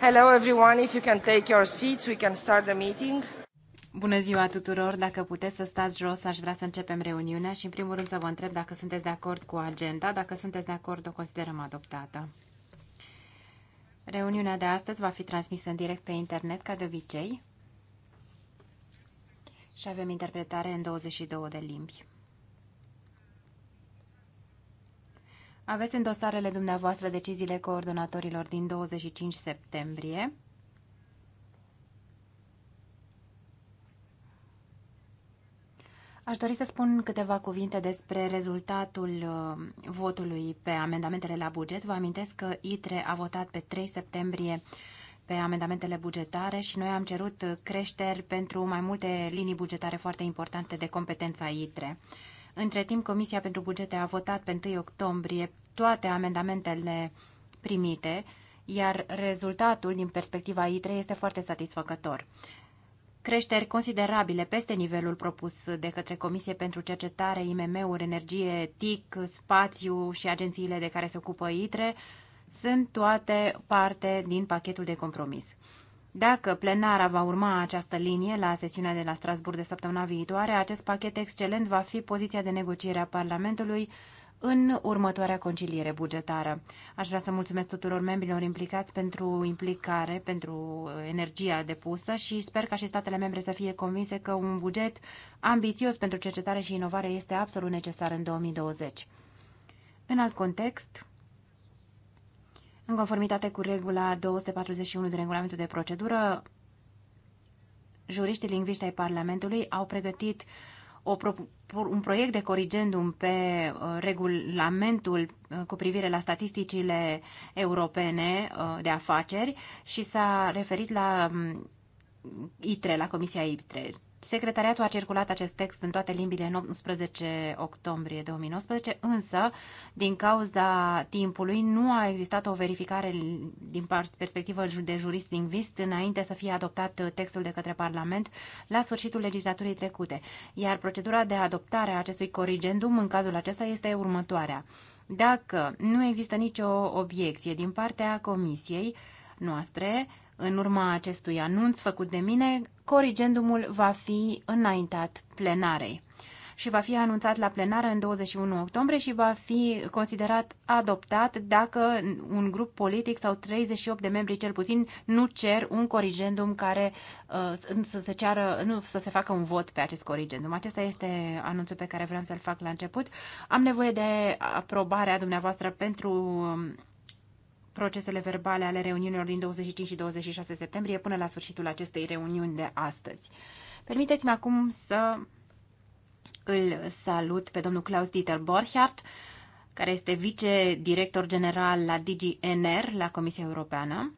Hello everyone, if you can take your seats, we can start the meeting. Bună ziua tuturor! Dacă puteți să stați jos, aș vrea să începem reuniunea și în primul rând să vă întreb dacă sunteți de acord cu agenda. Dacă sunteți de acord, o considerăm adoptată. Reuniunea de astăzi va fi transmisă în direct pe internet, ca de obicei. Și avem interpretare în 22 de limbi. Aveți în dosarele dumneavoastră deciziile coordonatorilor din 25 septembrie. Aș dori să spun câteva cuvinte despre rezultatul uh, votului pe amendamentele la buget. Vă amintesc că ITRE a votat pe 3 septembrie pe amendamentele bugetare și noi am cerut uh, creșteri pentru mai multe linii bugetare foarte importante de competența ITRE. Între timp, Comisia pentru Bugete a votat pe 1 octombrie toate amendamentele primite, iar rezultatul din perspectiva ITRE este foarte satisfăcător. Creșteri considerabile peste nivelul propus de către Comisie pentru Cercetare, IMM-uri, Energie, TIC, Spațiu și agențiile de care se ocupă ITRE sunt toate parte din pachetul de compromis. Dacă plenara va urma această linie la sesiunea de la Strasburg de săptămâna viitoare, acest pachet excelent va fi poziția de negociere a Parlamentului în următoarea conciliere bugetară. Aș vrea să mulțumesc tuturor membrilor implicați pentru implicare, pentru uh, energia depusă și sper ca și statele membre să fie convinse că un buget ambițios pentru cercetare și inovare este absolut necesar în 2020. În alt context, în conformitate cu regula 241 din regulamentul de procedură, juriștii lingviști ai Parlamentului au pregătit o pro un proiect de corigendum pe uh, regulamentul uh, cu privire la statisticile europene uh, de afaceri și s-a referit la um, ITRE, la Comisia ITRE. Secretariatul a circulat acest text în toate limbile în 18 octombrie 2019, însă, din cauza timpului, nu a existat o verificare din perspectivă de jurist lingvist înainte să fie adoptat uh, textul de către Parlament la sfârșitul legislaturii trecute, iar procedura de adoptare a acestui corigendum în cazul acesta este următoarea. Dacă nu există nicio obiecție din partea Comisiei noastre, în urma acestui anunț făcut de mine, corigendumul va fi înaintat plenarei și va fi anunțat la plenară în 21 octombrie și va fi considerat adoptat dacă un grup politic sau 38 de membri cel puțin nu cer un corigendum care uh, să se ceară, nu să se facă un vot pe acest corigendum. Acesta este anunțul pe care vreau să-l fac la început. Am nevoie de aprobarea dumneavoastră pentru um, procesele verbale ale reuniunilor din 25 și 26 septembrie până la sfârșitul acestei reuniuni de astăzi. Permiteți-mi acum să îl salut pe domnul Klaus Dieter Borchardt, care este vice-director general la DGNR, la Comisia Europeană,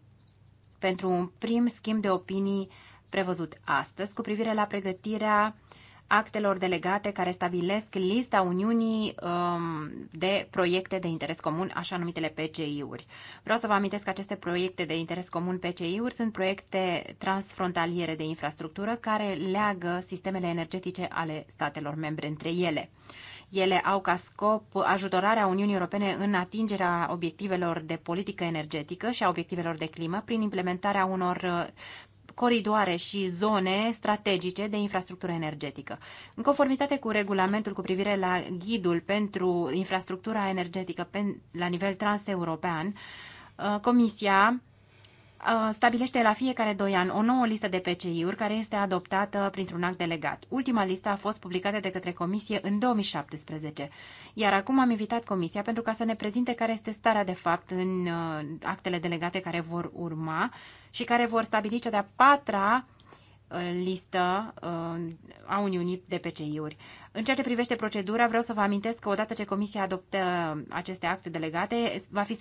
pentru un prim schimb de opinii prevăzut astăzi cu privire la pregătirea uh, actelor delegate care stabilesc lista Uniunii um, de proiecte de interes comun, așa numitele PCI-uri. Vreau să vă amintesc că aceste proiecte de interes comun PCI-uri sunt proiecte transfrontaliere de infrastructură care leagă sistemele energetice ale statelor membre între ele. Ele au ca scop ajutorarea Uniunii Europene în atingerea obiectivelor de politică energetică și a obiectivelor de climă prin implementarea unor coridoare și zone strategice de infrastructură energetică. În conformitate cu regulamentul cu privire la ghidul pentru infrastructura energetică la nivel transeuropean, uh, Comisia stabilește la fiecare doi ani o nouă listă de PCI-uri care este adoptată printr-un act delegat. Ultima listă a fost publicată de către Comisie în 2017, iar acum am invitat Comisia pentru ca să ne prezinte care este starea de fapt în uh, actele delegate care vor urma și care vor stabili cea de-a patra uh, listă uh, a Uniunii de PCI-uri. În ceea ce privește procedura, vreau să vă amintesc că odată ce Comisia adoptă uh, aceste acte delegate, va fi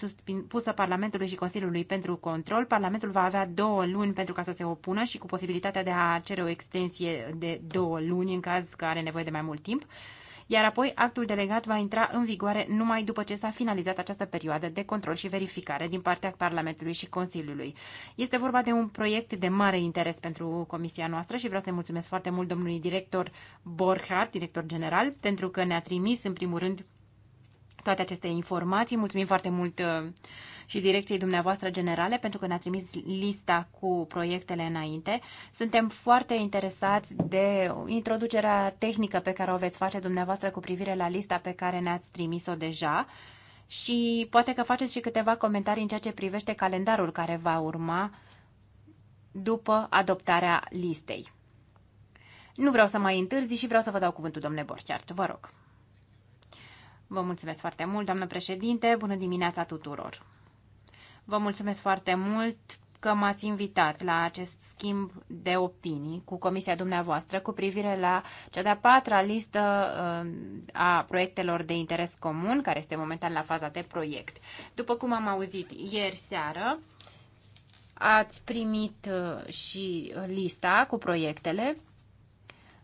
pusă Parlamentului și Consiliului pentru control. Parlamentul va avea două luni pentru ca să se opună și cu posibilitatea de a cere o extensie de două luni în caz că are nevoie de mai mult timp iar apoi actul delegat va intra în vigoare numai după ce s-a finalizat această perioadă de control și verificare din partea Parlamentului și Consiliului. Este vorba de un proiect de mare interes pentru comisia noastră și vreau să-i mulțumesc foarte mult domnului director Borchardt, director general, pentru că ne-a trimis în primul rând toate aceste informații. Mulțumim foarte mult uh, și direcției dumneavoastră generale, pentru că ne-a trimis lista cu proiectele înainte. Suntem foarte interesați de introducerea tehnică pe care o veți face dumneavoastră cu privire la lista pe care ne-ați trimis-o deja și poate că faceți și câteva comentarii în ceea ce privește calendarul care va urma după adoptarea listei. Nu vreau să mai întârzi și vreau să vă dau cuvântul, domnule Borciart, vă rog. Vă mulțumesc foarte mult, doamnă președinte, bună dimineața tuturor! Vă mulțumesc foarte mult că m-ați invitat la acest schimb de opinii cu comisia dumneavoastră cu privire la cea de-a patra listă uh, a proiectelor de interes comun, care este momentan la faza de proiect. După cum am auzit ieri seară, ați primit uh, și lista cu proiectele.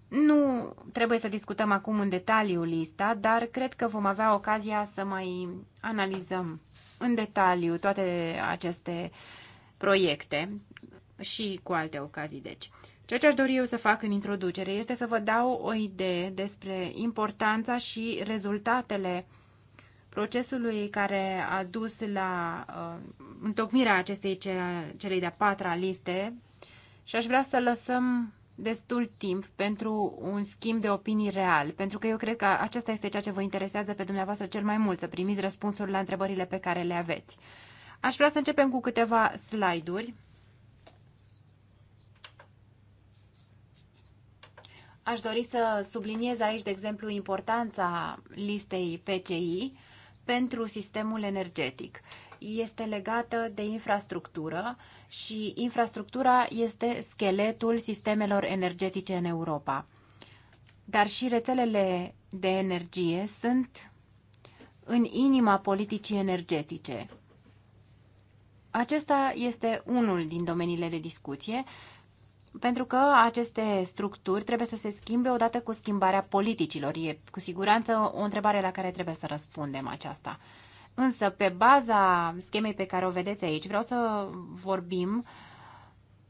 Nu trebuie să discutăm acum în detaliu lista, dar cred că vom avea ocazia să mai analizăm în detaliu toate aceste proiecte și cu alte ocazii, deci. Ceea ce aș dori eu să fac în introducere este să vă dau o idee despre importanța și rezultatele procesului care a dus la uh, întocmirea acestei ce, celei de-a patra liste și aș vrea să lăsăm destul timp pentru un schimb de opinii real, pentru că eu cred că acesta este ceea ce vă interesează pe dumneavoastră cel mai mult, să primiți răspunsuri la întrebările pe care le aveți. Aș vrea să începem cu câteva slide-uri. Aș dori să subliniez aici, de exemplu, importanța listei PCI pentru sistemul energetic. Este legată de infrastructură și infrastructura este scheletul sistemelor energetice în Europa. Dar și rețelele de energie sunt în inima politicii energetice. Acesta este unul din domeniile de discuție, pentru că aceste structuri trebuie să se schimbe odată cu schimbarea politicilor. E cu siguranță o întrebare la care trebuie să răspundem aceasta. Însă, pe baza schemei pe care o vedeți aici, vreau să vorbim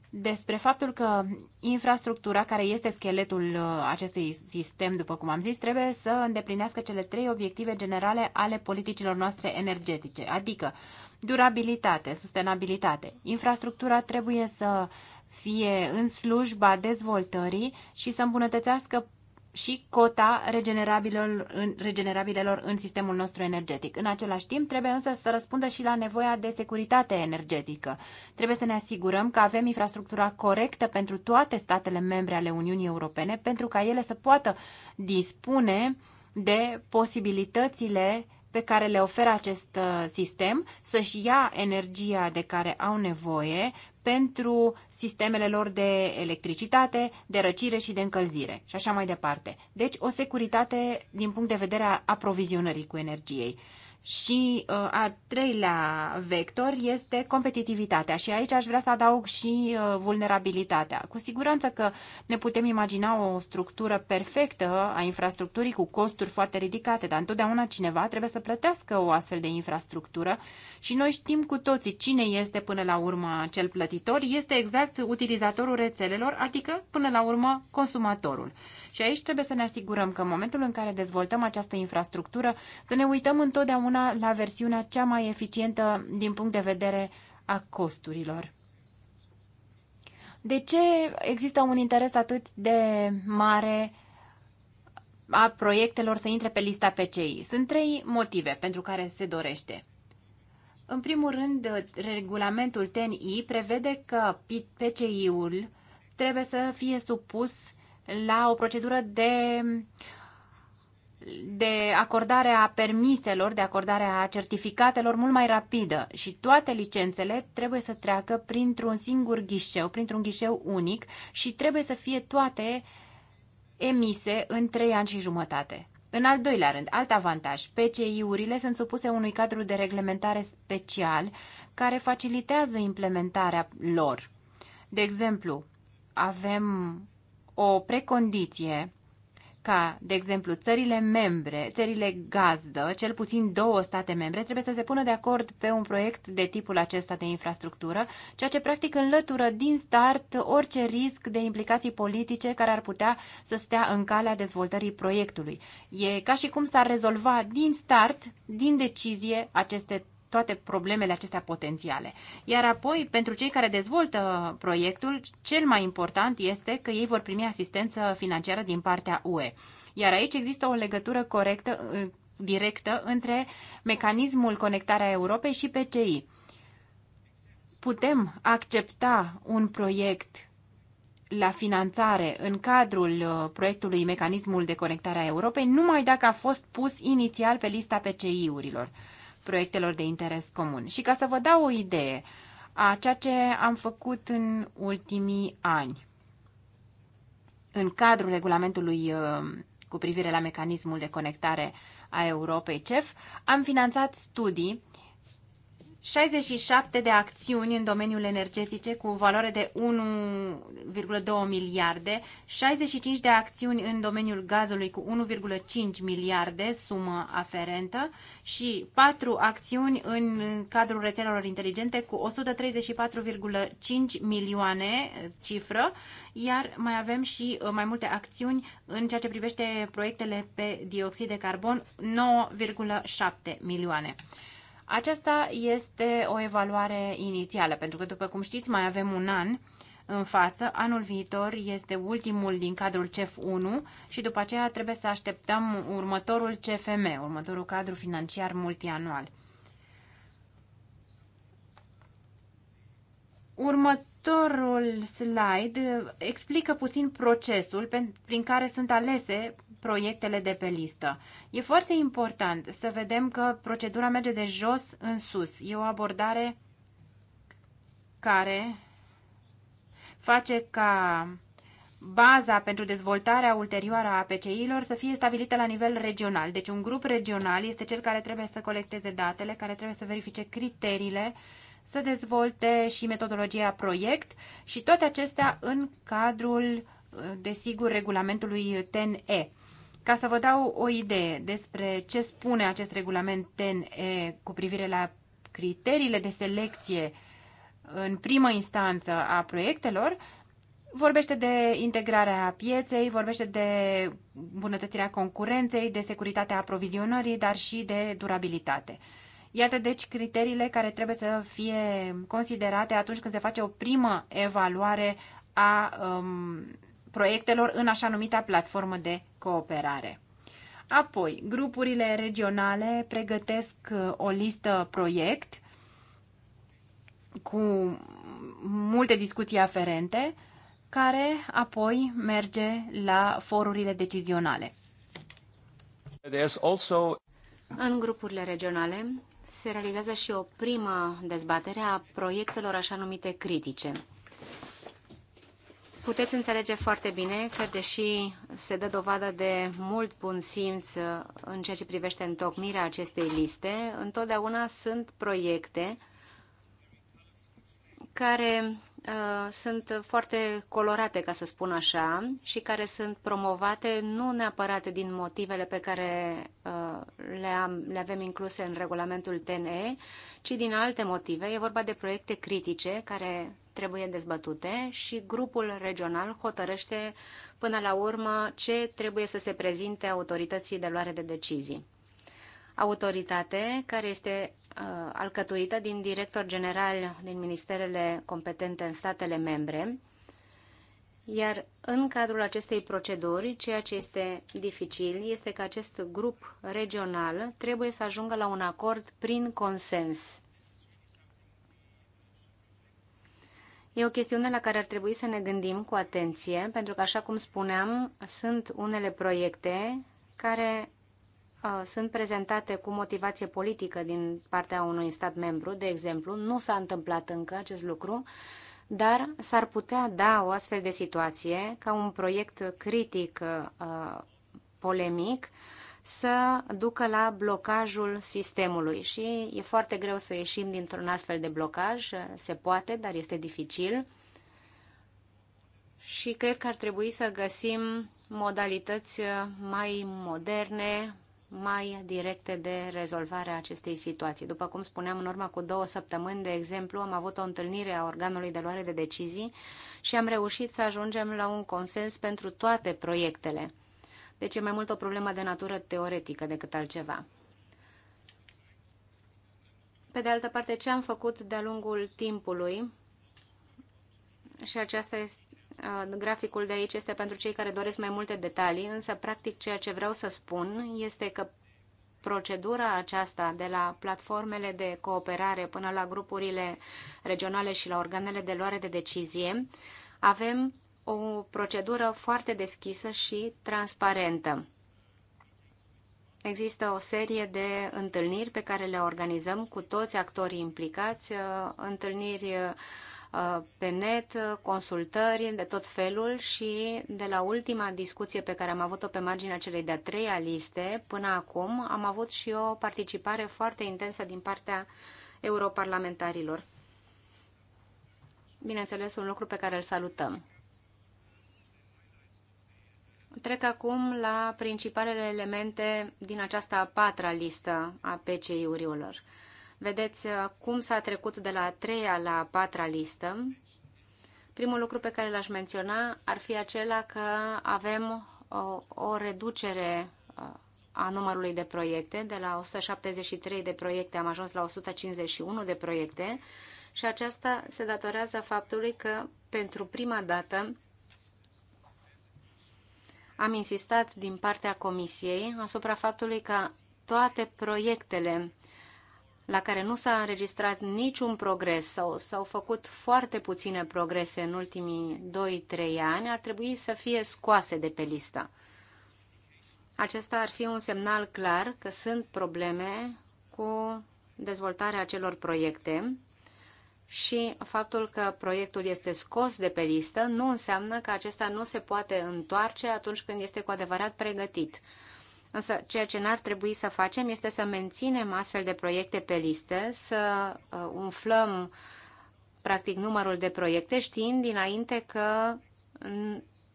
despre faptul că infrastructura, care este scheletul uh, acestui sistem, după cum am zis, trebuie să îndeplinească cele trei obiective generale ale politicilor noastre energetice, adică durabilitate, sustenabilitate. Infrastructura trebuie să fie în slujba dezvoltării și să îmbunătățească și cota regenerabilelor în, regenerabilelor în sistemul nostru energetic. În același timp, trebuie însă să răspundă și la nevoia de securitate energetică. Trebuie să ne asigurăm că avem infrastructura corectă pentru toate statele membre ale Uniunii Europene, pentru ca ele să poată dispune de posibilitățile pe care le oferă acest uh, sistem să-și ia energia de care au nevoie pentru sistemele lor de electricitate, de răcire și de încălzire și așa mai departe. Deci o securitate din punct de vedere a aprovizionării cu energiei. Și uh, al treilea vector este competitivitatea și aici aș vrea să adaug și uh, vulnerabilitatea. Cu siguranță că ne putem imagina o structură perfectă a infrastructurii cu costuri foarte ridicate, dar întotdeauna cineva trebuie să plătească o astfel de infrastructură și noi știm cu toții cine este până la urmă cel plătitor, este exact utilizatorul rețelelor, adică până la urmă consumatorul. Și aici trebuie să ne asigurăm că în momentul în care dezvoltăm această infrastructură, să ne uităm întotdeauna la versiunea cea mai eficientă din punct de vedere a costurilor. De ce există un interes atât de mare a proiectelor să intre pe lista PCI? Sunt trei motive pentru care se dorește. În primul rând, regulamentul TNI prevede că PCI-ul trebuie să fie supus la o procedură de de acordare a permiselor, de acordare a certificatelor mult mai rapidă și toate licențele trebuie să treacă printr-un singur ghișeu, printr-un ghișeu unic și trebuie să fie toate emise în trei ani și jumătate. În al doilea rând, alt avantaj, PCI-urile sunt supuse unui cadru de reglementare special care facilitează implementarea lor. De exemplu, avem o precondiție ca, de exemplu, țările membre, țările gazdă, cel puțin două state membre, trebuie să se pună de acord pe un proiect de tipul acesta de infrastructură, ceea ce practic înlătură din start orice risc de implicații politice care ar putea să stea în calea dezvoltării proiectului. E ca și cum s-ar rezolva din start, din decizie, aceste toate problemele acestea potențiale. Iar apoi, pentru cei care dezvoltă proiectul, cel mai important este că ei vor primi asistență financiară din partea UE. Iar aici există o legătură corectă, ă, directă între mecanismul conectarea Europei și PCI. Putem accepta un proiect la finanțare în cadrul ă, proiectului Mecanismul de Conectare a Europei numai dacă a fost pus inițial pe lista PCI-urilor proiectelor de interes comun. Și ca să vă dau o idee a ceea ce am făcut în ultimii ani, în cadrul regulamentului uh, cu privire la mecanismul de conectare a Europei CEF, am finanțat studii 67 de acțiuni în domeniul energetice cu valoare de 1,2 miliarde, 65 de acțiuni în domeniul gazului cu 1,5 miliarde, sumă aferentă, și 4 acțiuni în cadrul rețelelor inteligente cu 134,5 milioane cifră, iar mai avem și uh, mai multe acțiuni în ceea ce privește proiectele pe dioxid de carbon, 9,7 milioane. Aceasta este o evaluare inițială, pentru că, după cum știți, mai avem un an în față. Anul viitor este ultimul din cadrul CEF 1 și după aceea trebuie să așteptăm următorul CFM, următorul cadru financiar multianual. Următorul slide explică puțin procesul prin care sunt alese proiectele de pe listă. E foarte important să vedem că procedura merge de jos în sus. E o abordare care face ca baza pentru dezvoltarea ulterioară a APCI-lor să fie stabilită la nivel regional. Deci un grup regional este cel care trebuie să colecteze datele, care trebuie să verifice criteriile, să dezvolte și metodologia proiect și toate acestea în cadrul, desigur, regulamentului TNE. Ca să vă dau o idee despre ce spune acest regulament TNE cu privire la criteriile de selecție în primă instanță a proiectelor, vorbește de integrarea pieței, vorbește de bunătățirea concurenței, de securitatea aprovizionării, dar și de durabilitate. Iată deci criteriile care trebuie să fie considerate atunci când se face o primă evaluare a um, proiectelor în așa numita platformă de cooperare. Apoi, grupurile regionale pregătesc uh, o listă proiect cu multe discuții aferente, care apoi merge la forurile decizionale. Also... În grupurile regionale se realizează și o primă dezbatere a proiectelor așa numite critice puteți înțelege foarte bine că, deși se dă dovadă de mult bun simț uh, în ceea ce privește întocmirea acestei liste, întotdeauna sunt proiecte care uh, sunt foarte colorate, ca să spun așa, și care sunt promovate nu neapărat din motivele pe care uh, le, am, le avem incluse în regulamentul TNE, ci din alte motive. E vorba de proiecte critice care trebuie dezbătute și grupul regional hotărăște până la urmă ce trebuie să se prezinte autorității de luare de decizii. Autoritate care este uh, alcătuită din director general din ministerele competente în statele membre, iar în cadrul acestei proceduri, ceea ce este dificil este că acest grup regional trebuie să ajungă la un acord prin consens. E o chestiune la care ar trebui să ne gândim cu atenție, pentru că, așa cum spuneam, sunt unele proiecte care uh, sunt prezentate cu motivație politică din partea unui stat membru, de exemplu. Nu s-a întâmplat încă acest lucru, dar s-ar putea da o astfel de situație ca un proiect critic, uh, polemic, să ducă la blocajul sistemului și e foarte greu să ieșim dintr-un astfel de blocaj, se poate, dar este dificil și cred că ar trebui să găsim modalități mai moderne, mai directe de rezolvare a acestei situații. După cum spuneam, în urma cu două săptămâni, de exemplu, am avut o întâlnire a organului de luare de decizii și am reușit să ajungem la un consens pentru toate proiectele. Deci e mai mult o problemă de natură teoretică decât altceva. Pe de altă parte, ce am făcut de-a lungul timpului, și aceasta este uh, graficul de aici este pentru cei care doresc mai multe detalii, însă practic ceea ce vreau să spun este că procedura aceasta de la platformele de cooperare până la grupurile regionale și la organele de luare de decizie, avem o procedură foarte deschisă și transparentă. Există o serie de întâlniri pe care le organizăm cu toți actorii implicați, uh, întâlniri uh, pe net, consultări de tot felul și de la ultima discuție pe care am avut-o pe marginea celei de-a treia liste până acum am avut și o participare foarte intensă din partea europarlamentarilor. Bineînțeles, un lucru pe care îl salutăm. Trec acum la principalele elemente din această a patra listă a PCI-urilor. Vedeți uh, cum s-a trecut de la a treia la a patra listă. Primul lucru pe care l-aș menționa ar fi acela că avem o, uh, o reducere uh, a numărului de proiecte. De la 173 de proiecte am ajuns la 151 de proiecte și aceasta se datorează faptului că pentru prima dată am insistat din partea Comisiei asupra faptului că toate proiectele la care nu s-a înregistrat niciun progres sau s-au făcut foarte puține progrese în ultimii 2-3 ani, ar trebui să fie scoase de pe listă. Acesta ar fi un semnal clar că sunt probleme cu dezvoltarea acelor proiecte și faptul că proiectul este scos de pe listă nu înseamnă că acesta nu se poate întoarce atunci când este cu adevărat pregătit. Însă, ceea ce n-ar trebui să facem este să menținem astfel de proiecte pe listă, să uh, umflăm practic numărul de proiecte, știind dinainte că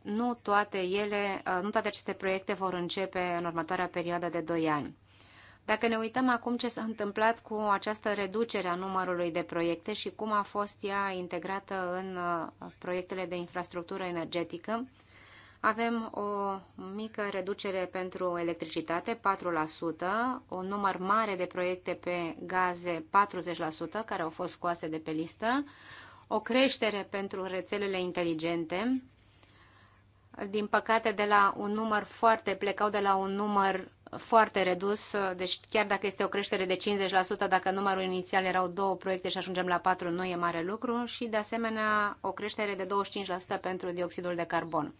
nu toate ele, uh, nu toate aceste proiecte vor începe în următoarea perioadă de 2 ani. Dacă ne uităm acum ce s-a întâmplat cu această reducere a numărului de proiecte și cum a fost ea integrată în uh, proiectele de infrastructură energetică, avem o mică reducere pentru electricitate, 4%, un număr mare de proiecte pe gaze, 40%, care au fost scoase de pe listă, o creștere pentru rețelele inteligente, din păcate de la un număr foarte, plecau de la un număr foarte redus, deci chiar dacă este o creștere de 50%, dacă numărul inițial erau două proiecte și ajungem la patru, nu e mare lucru și de asemenea o creștere de 25% pentru dioxidul de carbon.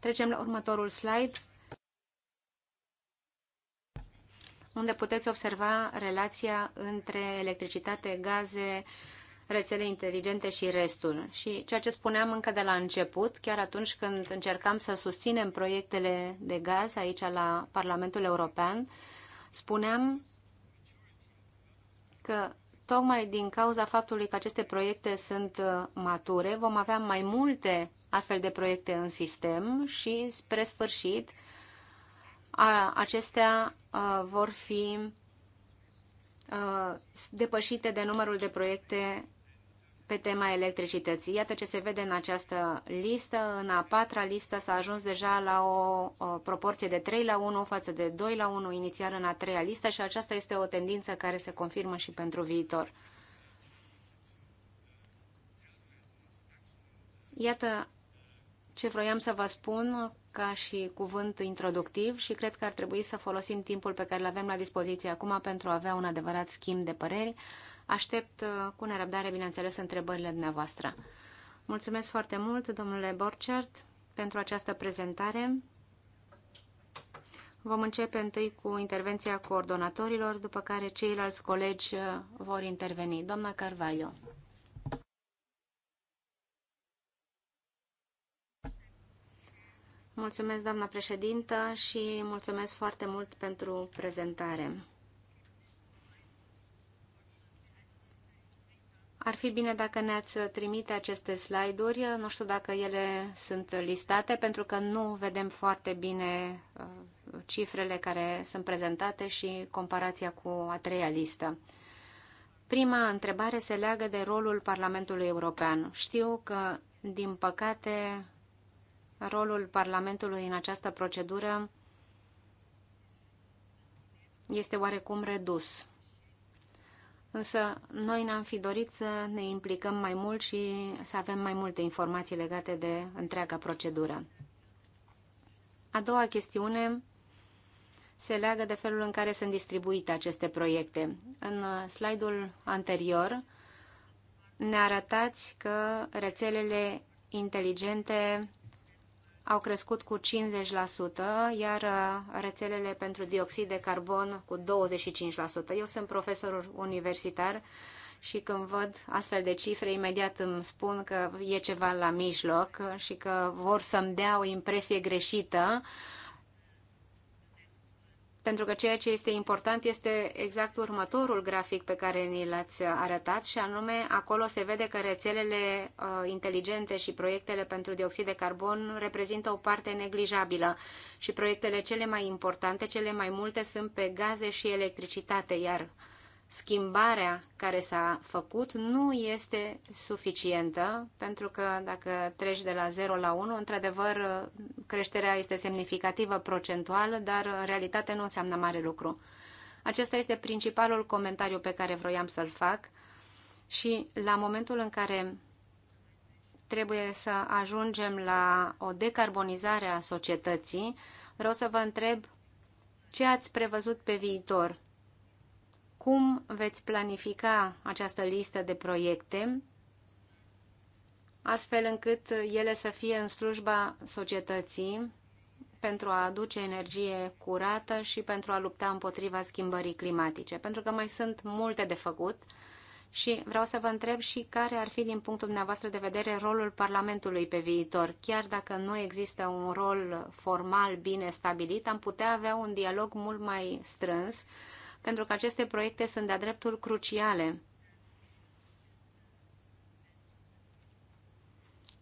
Trecem la următorul slide, unde puteți observa relația între electricitate, gaze, rețele inteligente și restul. Și ceea ce spuneam încă de la început, chiar atunci când încercam să susținem proiectele de gaz aici la Parlamentul European, spuneam că tocmai din cauza faptului că aceste proiecte sunt uh, mature, vom avea mai multe astfel de proiecte în sistem și spre sfârșit acestea uh, vor fi uh, depășite de numărul de proiecte pe tema electricității. Iată ce se vede în această listă. În a patra listă s-a ajuns deja la o, o proporție de 3 la 1 față de 2 la 1 inițial în a treia listă și aceasta este o tendință care se confirmă și pentru viitor. Iată ce vroiam să vă spun ca și cuvânt introductiv și cred că ar trebui să folosim timpul pe care îl avem la dispoziție acum pentru a avea un adevărat schimb de păreri. Aștept uh, cu nerăbdare, bineînțeles, întrebările dumneavoastră. Mulțumesc foarte mult, domnule Borchert, pentru această prezentare. Vom începe întâi cu intervenția coordonatorilor, după care ceilalți colegi uh, vor interveni. Doamna Carvalho. Mulțumesc, doamna președintă, și mulțumesc foarte mult pentru prezentare. Ar fi bine dacă ne-ați trimite aceste slide-uri. Nu știu dacă ele sunt listate, pentru că nu vedem foarte bine uh, cifrele care sunt prezentate și comparația cu a treia listă. Prima întrebare se leagă de rolul Parlamentului European. Știu că, din păcate, rolul Parlamentului în această procedură este oarecum redus. Însă noi ne-am fi dorit să ne implicăm mai mult și să avem mai multe informații legate de întreaga procedură. A doua chestiune se leagă de felul în care sunt distribuite aceste proiecte. În slide-ul anterior ne arătați că rețelele inteligente au crescut cu 50%, iar uh, rețelele pentru dioxid de carbon cu 25%. Eu sunt profesor universitar și când văd astfel de cifre, imediat îmi spun că e ceva la mijloc și că vor să-mi dea o impresie greșită uh, pentru că ceea ce este important este exact următorul grafic pe care ni l-ați arătat și anume acolo se vede că rețelele uh, inteligente și proiectele pentru dioxid de carbon reprezintă o parte neglijabilă și proiectele cele mai importante, cele mai multe sunt pe gaze și electricitate, iar schimbarea care s-a făcut nu este suficientă, pentru că dacă treci de la 0 la 1, într-adevăr, creșterea este semnificativă procentual, dar în realitate nu înseamnă mare lucru. Acesta este principalul comentariu pe care vroiam să-l fac și la momentul în care trebuie să ajungem la o decarbonizare a societății, vreau să vă întreb ce ați prevăzut pe viitor cum veți planifica această listă de proiecte astfel încât ele să fie în slujba societății pentru a aduce energie curată și pentru a lupta împotriva schimbării climatice, pentru că mai sunt multe de făcut și vreau să vă întreb și care ar fi din punctul dumneavoastră de vedere rolul Parlamentului pe viitor. Chiar dacă nu există un rol formal bine stabilit, am putea avea un dialog mult mai strâns pentru că aceste proiecte sunt de-a dreptul cruciale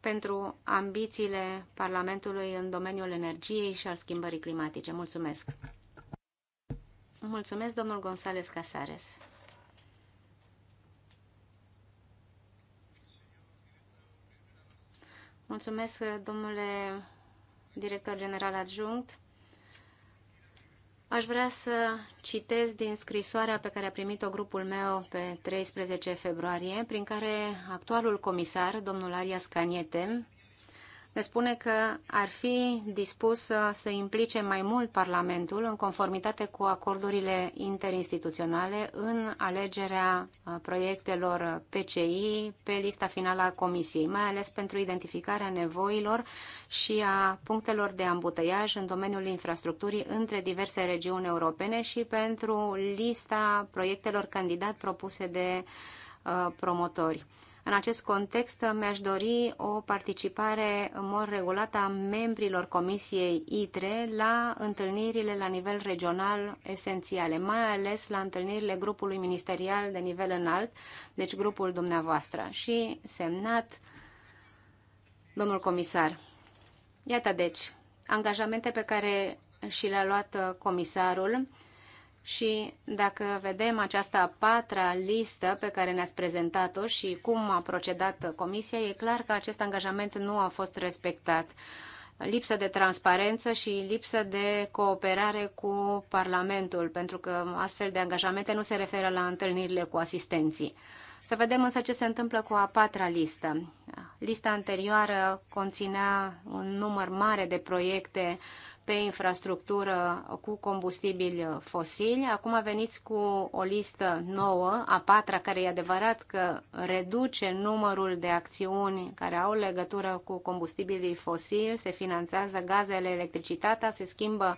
pentru ambițiile Parlamentului în domeniul energiei și al schimbării climatice. Mulțumesc! Mulțumesc, domnul González Casares. Mulțumesc, domnule director general adjunct. Aș vrea să citez din scrisoarea pe care a primit-o grupul meu pe 13 februarie, prin care actualul comisar, domnul Arias Caniete, ne spune că ar fi dispus să se implice mai mult Parlamentul în conformitate cu acordurile interinstituționale în alegerea proiectelor PCI pe lista finală a Comisiei, mai ales pentru identificarea nevoilor și a punctelor de ambuteiaj în domeniul infrastructurii între diverse regiuni europene și pentru lista proiectelor candidat propuse de promotori. În acest context, mi-aș dori o participare în mod regulat a membrilor Comisiei ITRE la întâlnirile la nivel regional esențiale, mai ales la întâlnirile grupului ministerial de nivel înalt, deci grupul dumneavoastră. Și semnat, domnul comisar. Iată deci, angajamente pe care și le-a luat comisarul și dacă vedem această a patra listă pe care ne-ați prezentat-o și cum a procedat Comisia, e clar că acest angajament nu a fost respectat. Lipsă de transparență și lipsă de cooperare cu Parlamentul, pentru că astfel de angajamente nu se referă la întâlnirile cu asistenții. Să vedem însă ce se întâmplă cu a patra listă. Lista anterioară conținea un număr mare de proiecte pe infrastructură cu combustibili fosili. Acum veniți cu o listă nouă, a patra, care e adevărat că reduce numărul de acțiuni care au legătură cu combustibilii fosili, se finanțează gazele, electricitatea, se schimbă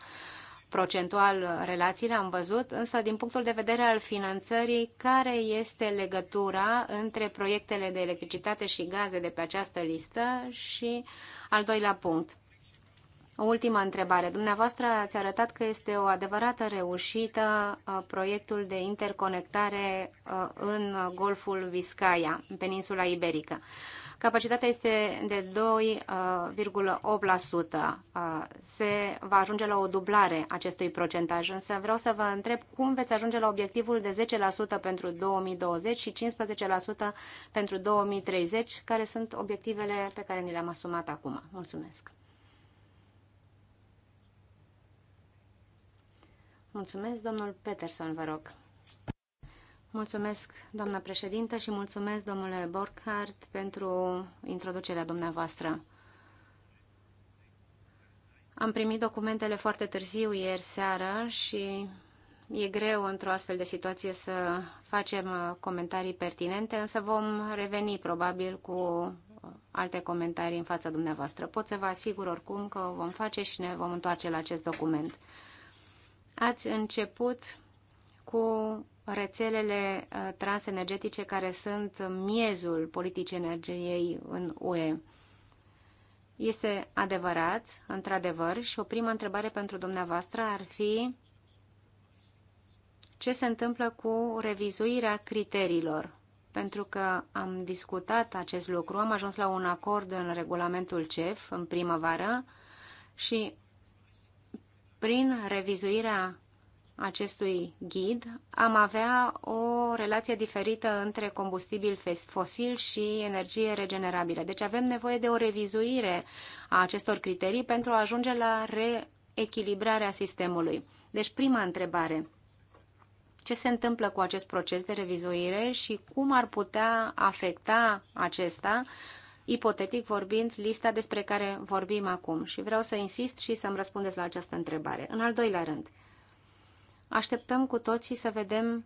procentual relațiile, am văzut, însă din punctul de vedere al finanțării, care este legătura între proiectele de electricitate și gaze de pe această listă și al doilea punct o ultima întrebare. Dumneavoastră ați arătat că este o adevărată reușită uh, proiectul de interconectare uh, în Golful Viscaia, în peninsula iberică. Capacitatea este de 2,8%. Uh, se va ajunge la o dublare acestui procentaj, însă vreau să vă întreb cum veți ajunge la obiectivul de 10% pentru 2020 și 15% pentru 2030, care sunt obiectivele pe care ni le-am asumat acum. Mulțumesc! Mulțumesc, domnul Peterson, vă rog. Mulțumesc, doamna președintă, și mulțumesc, domnule Borchardt, pentru introducerea dumneavoastră. Am primit documentele foarte târziu ieri seară și e greu într-o astfel de situație să facem uh, comentarii pertinente, însă vom reveni probabil cu alte comentarii în fața dumneavoastră. Pot să vă asigur oricum că o vom face și ne vom întoarce la acest document. Ați început cu rețelele uh, transenergetice care sunt miezul politicii energiei în UE. Este adevărat, într-adevăr, și o primă întrebare pentru dumneavoastră ar fi ce se întâmplă cu revizuirea criteriilor pentru că am discutat acest lucru, am ajuns la un acord în regulamentul CEF în primăvară și prin revizuirea acestui ghid, am avea o relație diferită între combustibil fosil și energie regenerabilă. Deci avem nevoie de o revizuire a acestor criterii pentru a ajunge la reechilibrarea sistemului. Deci prima întrebare, ce se întâmplă cu acest proces de revizuire și cum ar putea afecta acesta ipotetic vorbind, lista despre care vorbim acum și vreau să insist și să-mi răspundeți la această întrebare. În al doilea rând, așteptăm cu toții să vedem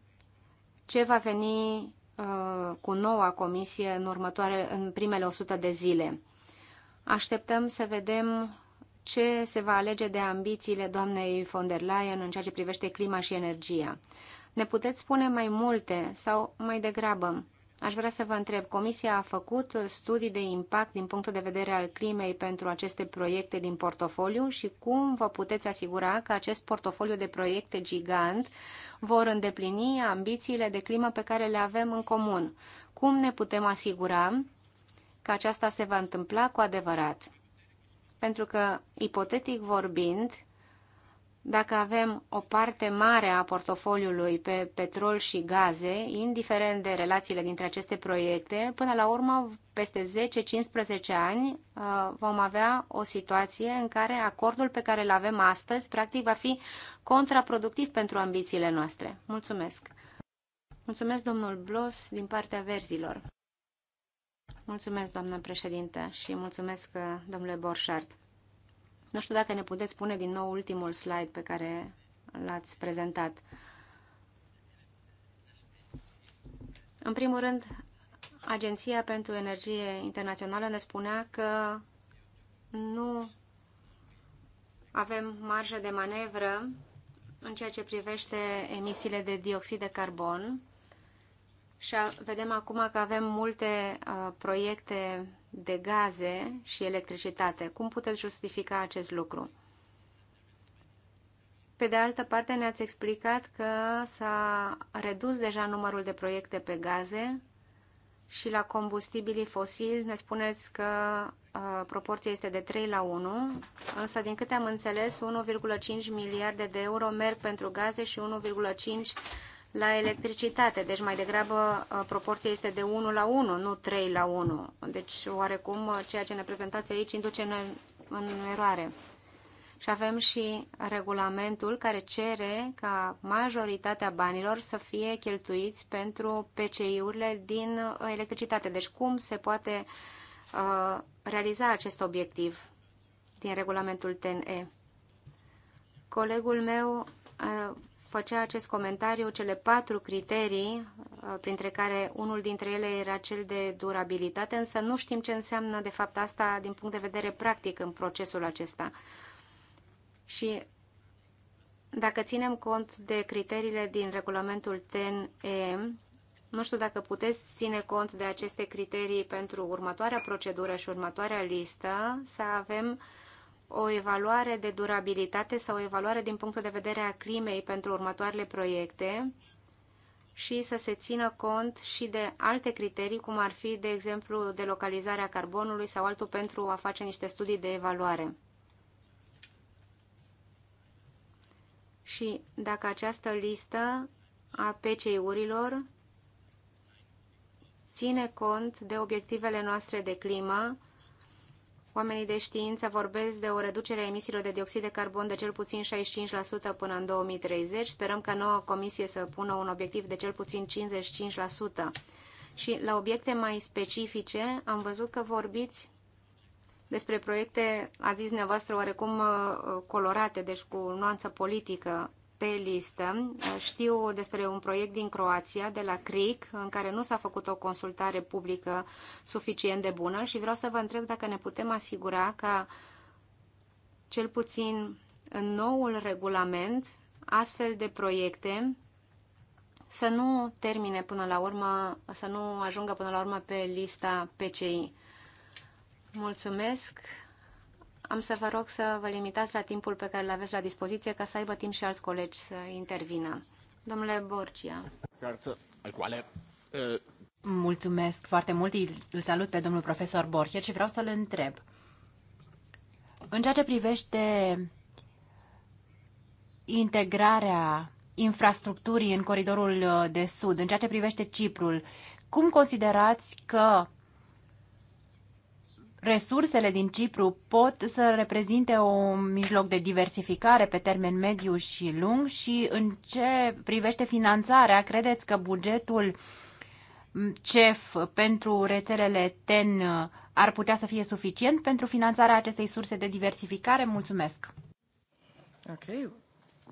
ce va veni uh, cu noua comisie în, următoare, în primele 100 de zile. Așteptăm să vedem ce se va alege de ambițiile doamnei von der Leyen în ceea ce privește clima și energia. Ne puteți spune mai multe sau mai degrabă Aș vrea să vă întreb, Comisia a făcut studii de impact din punctul de vedere al climei pentru aceste proiecte din portofoliu și cum vă puteți asigura că acest portofoliu de proiecte gigant vor îndeplini ambițiile de climă pe care le avem în comun? Cum ne putem asigura că aceasta se va întâmpla cu adevărat? Pentru că, ipotetic vorbind, dacă avem o parte mare a portofoliului pe petrol și gaze, indiferent de relațiile dintre aceste proiecte, până la urmă, peste 10-15 ani, uh, vom avea o situație în care acordul pe care îl avem astăzi, practic, va fi contraproductiv pentru ambițiile noastre. Mulțumesc! Mulțumesc, domnul Blos, din partea verzilor. Mulțumesc, doamnă președinte, și mulțumesc, uh, domnule Borșart. Nu știu dacă ne puteți pune din nou ultimul slide pe care l-ați prezentat. În primul rând, Agenția pentru Energie Internațională ne spunea că nu avem marjă de manevră în ceea ce privește emisiile de dioxid de carbon și vedem acum că avem multe uh, proiecte de gaze și electricitate. Cum puteți justifica acest lucru? Pe de altă parte, ne-ați explicat că s-a redus deja numărul de proiecte pe gaze și la combustibilii fosili ne spuneți că uh, proporția este de 3 la 1, însă din câte am înțeles, 1,5 miliarde de euro merg pentru gaze și 1,5 la electricitate. Deci mai degrabă uh, proporția este de 1 la 1, nu 3 la 1. Deci oarecum uh, ceea ce ne prezentați aici induce în, în eroare. Și avem și regulamentul care cere ca majoritatea banilor să fie cheltuiți pentru PCI-urile din uh, electricitate. Deci cum se poate uh, realiza acest obiectiv din regulamentul TNE? Colegul meu uh, făcea acest comentariu cele patru criterii, uh, printre care unul dintre ele era cel de durabilitate, însă nu știm ce înseamnă de fapt asta din punct de vedere practic în procesul acesta. Și dacă ținem cont de criteriile din regulamentul ten nu știu dacă puteți ține cont de aceste criterii pentru următoarea procedură și următoarea listă, să avem uh, o evaluare de durabilitate sau o evaluare din punctul de vedere a climei pentru următoarele proiecte și să se țină cont și de alte criterii, cum ar fi, de exemplu, de localizarea carbonului sau altul pentru a face niște studii de evaluare. Și dacă această listă a PCI-urilor ține cont de obiectivele noastre de climă, Oamenii de știință vorbesc de o reducere a emisiilor de dioxid de carbon de cel puțin 65% până în 2030. Sperăm ca noua comisie să pună un obiectiv de cel puțin 55%. Și la obiecte mai specifice am văzut că vorbiți despre proiecte, a zis dumneavoastră, oarecum uh, colorate, deci cu nuanță politică pe listă. Știu despre un proiect din Croația, de la CRIC, în care nu s-a făcut o consultare publică suficient de bună și vreau să vă întreb dacă ne putem asigura că cel puțin în noul regulament astfel de proiecte să nu termine până la urmă, să nu ajungă până la urmă pe lista PCI. Mulțumesc! am să vă rog să vă limitați la timpul pe care îl aveți la dispoziție ca să aibă timp și alți colegi să intervină. Domnule Borgia. Uh, Mulțumesc foarte mult. Îl salut pe domnul profesor Borcia, și vreau să-l întreb. În ceea ce privește integrarea infrastructurii în coridorul uh, de sud, în ceea ce privește Ciprul, cum considerați că resursele din Cipru pot să reprezinte un mijloc de diversificare pe termen mediu și lung și în ce privește finanțarea, credeți că bugetul CEF pentru rețelele TEN uh, ar putea să fie suficient pentru finanțarea acestei surse de diversificare? Mulțumesc! Ok,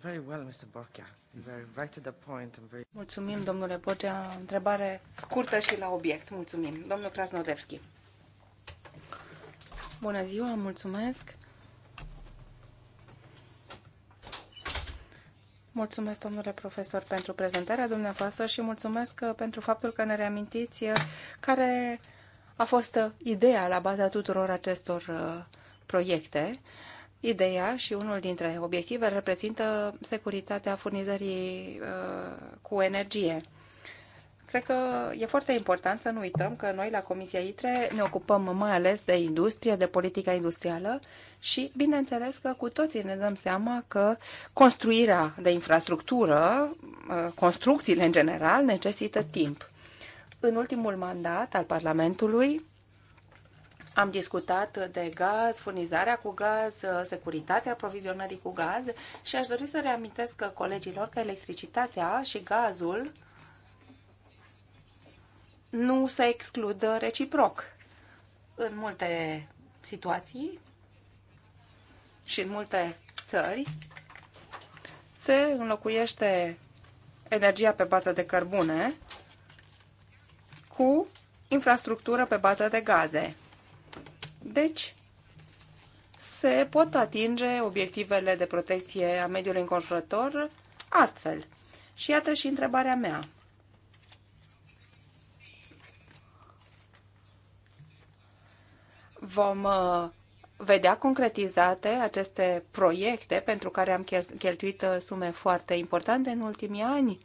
Very well, Mr. Borchia. Very right to the point. very... Mulțumim, domnule Borchia. Întrebare scurtă și la obiect. Mulțumim. Domnul Krasnodevski. Bună ziua, mulțumesc. Mulțumesc, domnule profesor, pentru prezentarea dumneavoastră și mulțumesc uh, pentru faptul că ne reamintiți uh, care a fost uh, ideea la baza tuturor acestor proiecte. Ideea și unul dintre obiective reprezintă securitatea furnizării cu energie. Cred că e foarte important să nu uităm că noi la Comisia ITRE ne ocupăm mai ales de industrie, de politica industrială și, bineînțeles, că cu toții ne dăm seama că construirea de infrastructură, ă, construcțiile în general, necesită timp. În ultimul mandat al Parlamentului, am discutat de gaz, furnizarea cu gaz, ă, securitatea aprovizionării cu gaz și aș dori să reamintesc colegilor că electricitatea și gazul nu se excludă reciproc. În multe situații și în multe țări se înlocuiește energia pe bază de cărbune cu infrastructură pe bază de gaze. Deci, se pot atinge obiectivele de protecție a mediului înconjurător astfel. Și iată și întrebarea mea. vom uh, vedea concretizate aceste proiecte pentru care am cheltuit uh, sume foarte importante în ultimii ani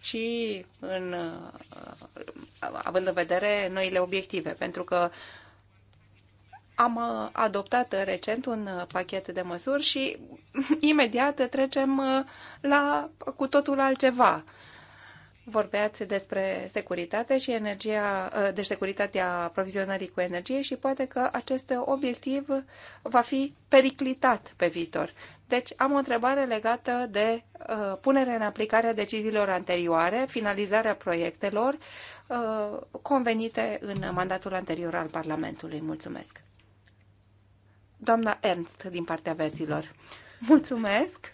și în, uh, având în vedere noile obiective, pentru că am adoptat recent un pachet de măsuri și imediat trecem la cu totul altceva vorbeați despre securitate și energia, ă, de securitatea aprovizionării cu energie și poate că acest obiectiv va fi periclitat pe viitor. Deci am o întrebare legată de uh, ă, punere în aplicare a deciziilor anterioare, finalizarea proiectelor uh, convenite în mandatul anterior al Parlamentului. Mulțumesc. Doamna Ernst, din partea verzilor. Mulțumesc.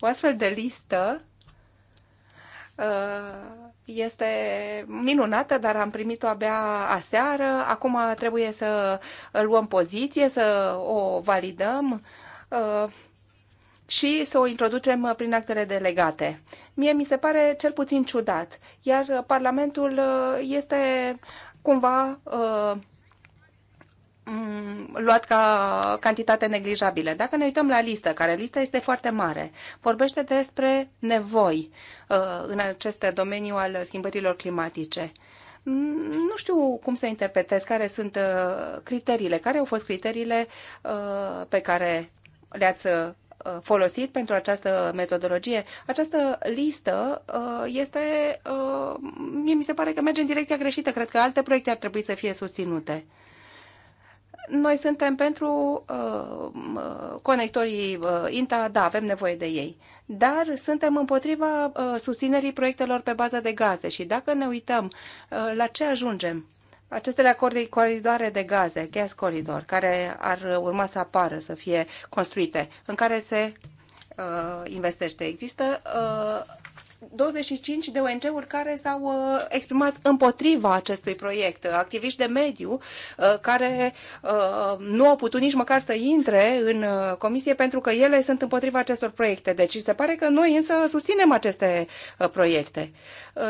O astfel de listă Uh, este minunată, dar am primit-o abia aseară. Acum trebuie să luăm poziție, să o validăm uh, și să o introducem prin actele delegate. Mie mi se pare cel puțin ciudat, iar Parlamentul uh, este cumva Mm, luat ca cantitate neglijabile. Dacă ne uităm la listă, care lista este foarte mare, vorbește despre nevoi uh, în acest domeniu al schimbărilor climatice. Mm, nu știu cum să interpretez care sunt uh, criteriile, care au fost criteriile uh, pe care le-ați folosit pentru această metodologie. Această listă este, mie mi se pare că merge în direcția greșită. Cred că alte proiecte ar trebui să fie susținute. Noi suntem pentru uh, uh, conectorii uh, INTA, da, avem nevoie de ei, dar suntem împotriva uh, susținerii proiectelor pe bază de gaze și dacă ne uităm uh, la ce ajungem, acestele coridoare de gaze, gas coridor, care ar urma să apară, să fie construite, în care se uh, investește, există uh, 25 de ONG-uri care s-au uh, exprimat împotriva acestui proiect, activiști de mediu uh, care uh, nu au putut nici măcar să intre în comisie pentru că ele sunt împotriva acestor proiecte. Deci se pare că noi însă susținem aceste proiecte.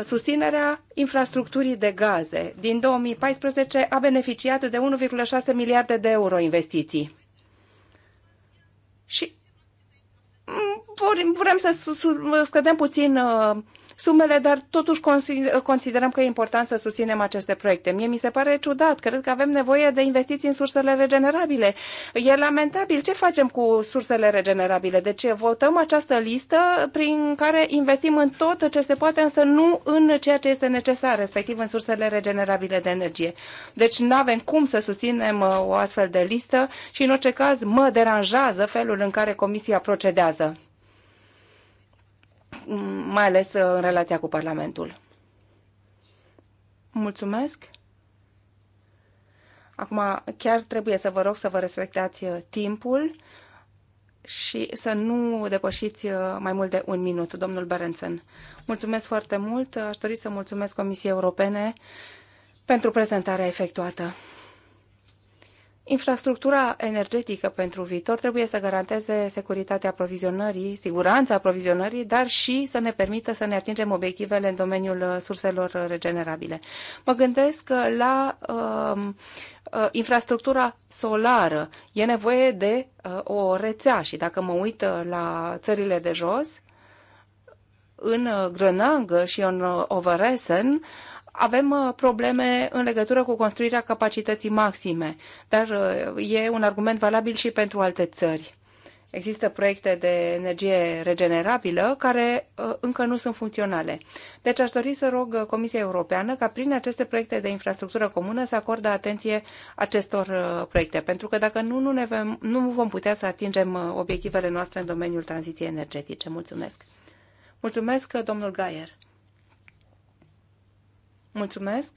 Susținerea infrastructurii de gaze din 2014 a beneficiat de 1,6 miliarde de euro investiții. Și vrem să scădem puțin uh, sumele, dar totuși considerăm că e important să susținem aceste proiecte. Mie mi se pare ciudat, cred că avem nevoie de investiții în sursele regenerabile. E lamentabil ce facem cu sursele regenerabile. Deci eh, votăm această listă prin care investim în tot ce se poate, însă nu în ceea ce este necesar, respectiv în sursele regenerabile de energie. Deci nu avem cum să susținem uh, o astfel de listă și în orice caz mă deranjează felul în care Comisia procedează mai ales uh, în relația cu Parlamentul. Mulțumesc! Acum, chiar trebuie să vă rog să vă respectați uh, timpul și să nu depășiți uh, mai mult de un minut, domnul Berensen. Mulțumesc foarte mult. Aș dori să mulțumesc Comisiei Europene pentru prezentarea efectuată. Infrastructura energetică pentru viitor trebuie să garanteze securitatea aprovizionării, siguranța aprovizionării, dar și să ne permită să ne atingem obiectivele în domeniul uh, surselor uh, regenerabile. Mă gândesc uh, la uh, uh, infrastructura solară. E nevoie de uh, o rețea și dacă mă uit la țările de jos, în Grănangă și în Overesen, uh, avem uh, probleme în legătură cu construirea capacității maxime, dar uh, e un argument valabil și pentru alte țări. Există proiecte de energie regenerabilă care uh, încă nu sunt funcționale. Deci aș dori să rog Comisia Europeană ca prin aceste proiecte de infrastructură comună să acordă atenție acestor proiecte, pentru că dacă nu, nu, ne vom, nu vom putea să atingem obiectivele noastre în domeniul tranziției energetice. Mulțumesc! Mulțumesc, domnul Gaier! Mulțumesc!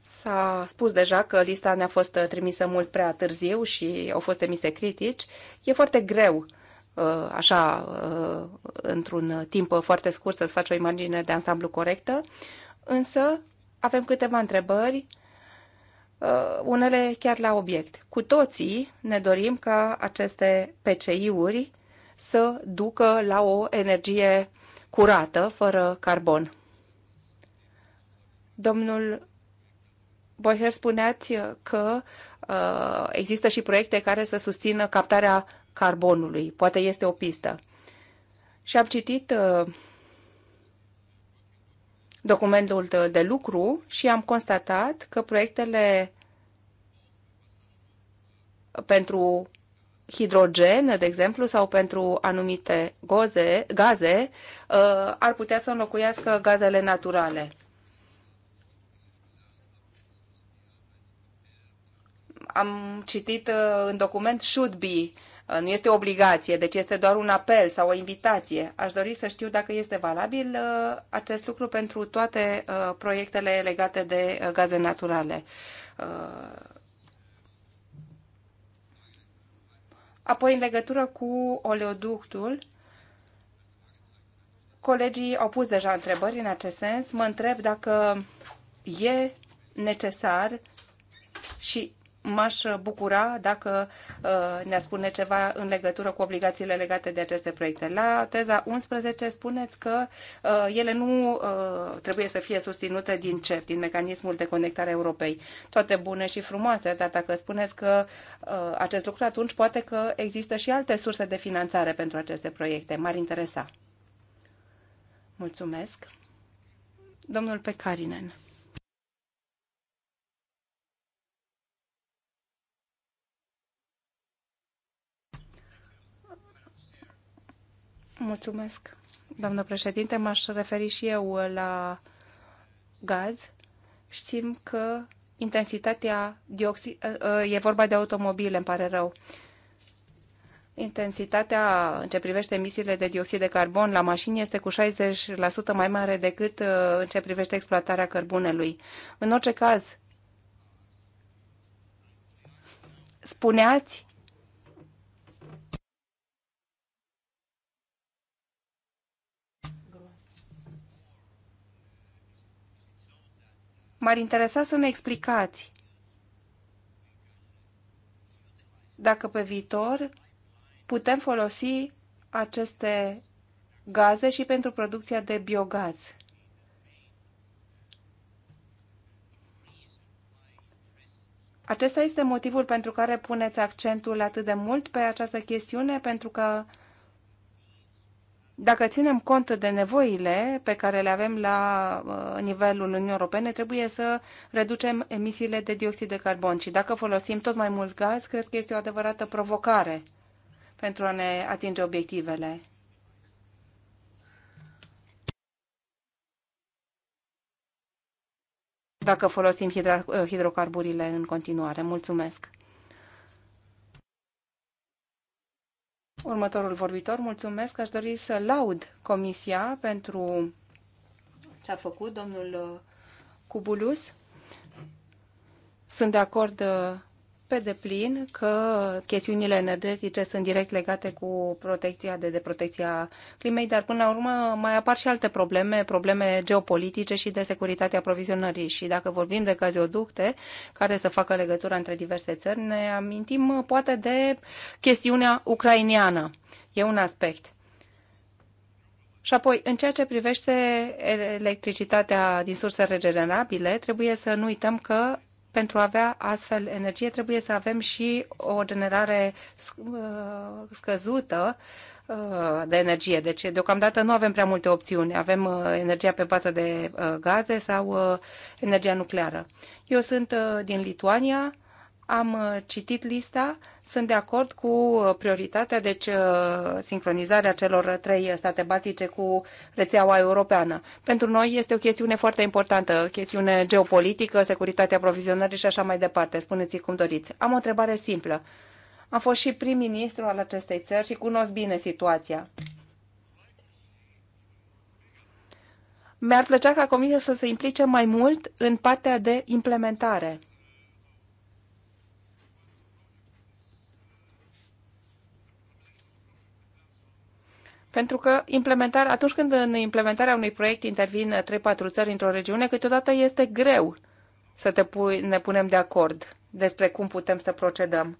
S-a spus deja că lista ne-a fost trimisă mult prea târziu și au fost emise critici. E foarte greu, uh, așa, uh, într-un timp foarte scurt, să-ți faci o imagine de ansamblu corectă, însă avem câteva întrebări, uh, unele chiar la obiect. Cu toții ne dorim ca aceste PCI-uri să ducă la o energie curată, fără carbon. Domnul Boiher, spuneați că uh, există și proiecte care să susțină captarea carbonului. Poate este o pistă. Și am citit uh, documentul de lucru și am constatat că proiectele pentru hidrogen, de exemplu, sau pentru anumite goze, gaze, uh, ar putea să înlocuiască gazele naturale. Am citit uh, în document should be, uh, nu este obligație, deci este doar un apel sau o invitație. Aș dori să știu dacă este valabil acest lucru pentru toate proiectele legate de gaze naturale Apoi, în legătură cu oleoductul, colegii au pus deja întrebări în acest sens. Mă întreb dacă e necesar și m-aș bucura dacă uh, ne-a spune ceva în legătură cu obligațiile legate de aceste proiecte. La teza 11 spuneți că uh, ele nu uh, trebuie să fie susținute din CEF, din mecanismul de conectare europei. Toate bune și frumoase, dar dacă spuneți că acest lucru, atunci poate că există și alte surse de finanțare pentru aceste proiecte. M-ar interesa. Mulțumesc. Domnul Pecarinen. Mulțumesc, doamnă președinte. M-aș referi și eu la gaz. Știm că intensitatea dioxid... Ă, ă, e vorba de automobile, îmi pare rău. Intensitatea în ce privește emisiile de dioxid de carbon la mașini este cu 60% mai mare decât ă, în ce privește exploatarea cărbunelui. În orice caz, spuneați M-ar interesa să ne explicați dacă pe viitor putem folosi aceste gaze și pentru producția de biogaz. Acesta este motivul pentru care puneți accentul atât de mult pe această chestiune, pentru că dacă ținem cont de nevoile pe care le avem la uh, nivelul Uniunii Europene, trebuie să reducem emisiile de dioxid de carbon și dacă folosim tot mai mult gaz, cred că este o adevărată provocare pentru a ne atinge obiectivele. Dacă folosim hidro uh, hidrocarburile în continuare. Mulțumesc! următorul vorbitor. Mulțumesc. Aș dori să laud Comisia pentru ce a făcut domnul Cubulus. Sunt de acord uh, pe deplin că chestiunile energetice sunt direct legate cu protecția de, de protecția climei, dar până la urmă mai apar și alte probleme, probleme geopolitice și de securitate aprovizionării. Și dacă vorbim de gazoducte care să facă legătura între diverse țări, ne amintim uh, poate de chestiunea ucrainiană. E un aspect. Și apoi, în ceea ce privește electricitatea din surse regenerabile, trebuie să nu uităm că pentru a avea astfel energie trebuie să avem și o generare uh, scăzută uh, de energie. Deci, deocamdată nu avem prea multe opțiuni. Avem uh, energia pe bază de gaze sau energia nucleară. Eu sunt din Lituania, am uh, citit lista, sunt de acord cu uh, prioritatea, deci uh, sincronizarea celor trei state baltice cu rețeaua europeană. Pentru noi este o chestiune foarte importantă, chestiune geopolitică, securitatea aprovizionării și așa mai departe. Spuneți cum doriți. Am o întrebare simplă. Am fost și prim-ministru al acestei țări și cunosc bine situația. Mi-ar plăcea ca Comisia să se implice mai mult în partea de implementare Pentru că implementarea, atunci când în implementarea unui proiect intervin 3-4 țări într-o regiune, câteodată este greu să te pui, ne punem de acord despre cum putem să procedăm.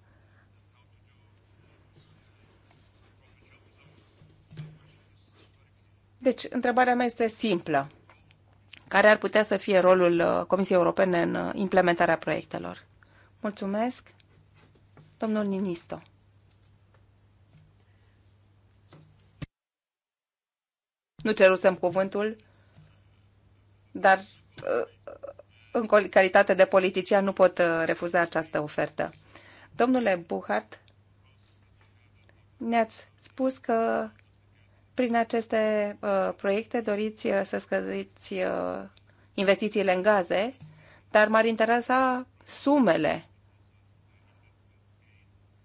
Deci, întrebarea mea este simplă. Care ar putea să fie rolul uh, Comisiei Europene în uh, implementarea proiectelor? Mulțumesc, domnul Ninisto. Nu cerusem cuvântul, dar uh, în calitate de politician nu pot uh, refuza această ofertă. Domnule Buhart, ne-ați spus că prin aceste uh, proiecte doriți uh, să scăziți uh, investițiile în gaze, dar m-ar interesa sumele.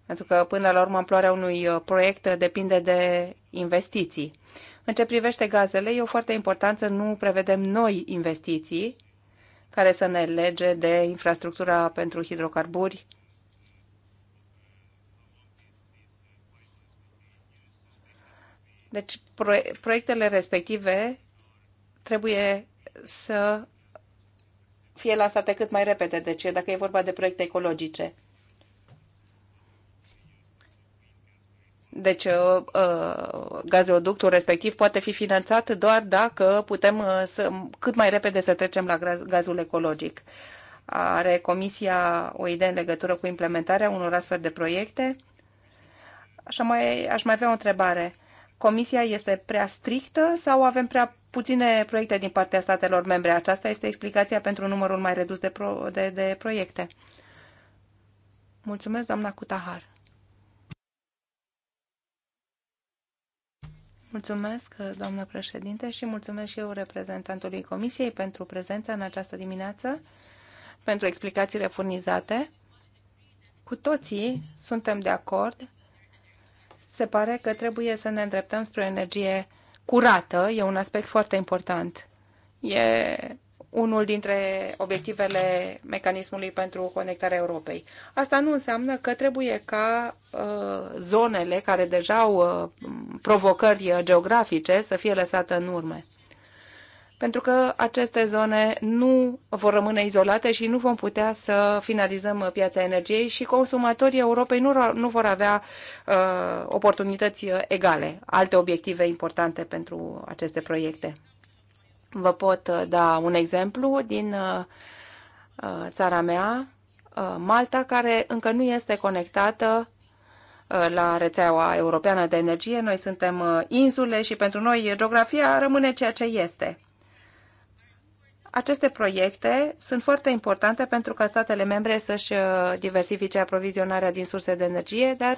Pentru că, până la urmă, amploarea unui proiect depinde de investiții. În ce privește gazele, e foarte important să nu prevedem noi investiții care să ne lege de infrastructura pentru hidrocarburi Deci proiectele respective trebuie să fie lansate cât mai repede. Deci dacă e vorba de proiecte ecologice. Deci, uh, uh, gazoductul respectiv poate fi finanțat doar dacă putem uh, să, cât mai repede să trecem la gazul ecologic. Are Comisia o idee în legătură cu implementarea unor astfel de proiecte? Așa mai, aș mai avea o întrebare. Comisia este prea strictă sau avem prea puține proiecte din partea statelor membre? Aceasta este explicația pentru numărul mai redus de, pro, de, de proiecte. Mulțumesc, doamna Cutahar. Mulțumesc, doamnă președinte, și mulțumesc și eu reprezentantului Comisiei pentru prezența în această dimineață, pentru explicațiile furnizate. Cu toții suntem de acord. Se pare că trebuie să ne îndreptăm spre o energie curată. E un aspect foarte important. E unul dintre obiectivele mecanismului pentru conectarea Europei. Asta nu înseamnă că trebuie ca uh, zonele care deja au uh, provocări geografice să fie lăsate în urmă pentru că aceste zone nu vor rămâne izolate și nu vom putea să finalizăm piața energiei și consumatorii Europei nu, nu vor avea uh, oportunități egale, alte obiective importante pentru aceste proiecte. Vă pot uh, da un exemplu din uh, uh, țara mea, Malta, care încă nu este conectată la rețeaua europeană de energie. Noi suntem insule și pentru noi geografia rămâne ceea ce este. Aceste proiecte sunt foarte importante pentru ca statele membre să-și uh, diversifice aprovizionarea din surse de energie, dar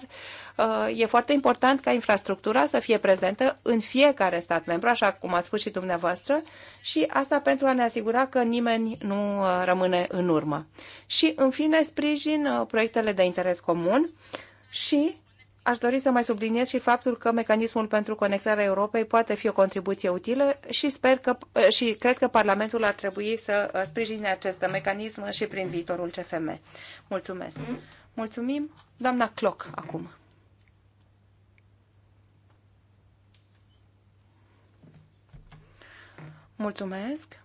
uh, e foarte important ca infrastructura să fie prezentă în fiecare stat membru, așa cum ați spus și dumneavoastră, și asta pentru a ne asigura că nimeni nu uh, rămâne în urmă. Și, în fine, sprijin proiectele de interes comun și Aș dori să mai subliniez și faptul că mecanismul pentru conectarea Europei poate fi o contribuție utilă și, sper că, și cred că Parlamentul ar trebui să uh, sprijine acest mecanism și prin viitorul CFM. Mulțumesc. Mulțumim. Doamna Cloc, acum. Mulțumesc.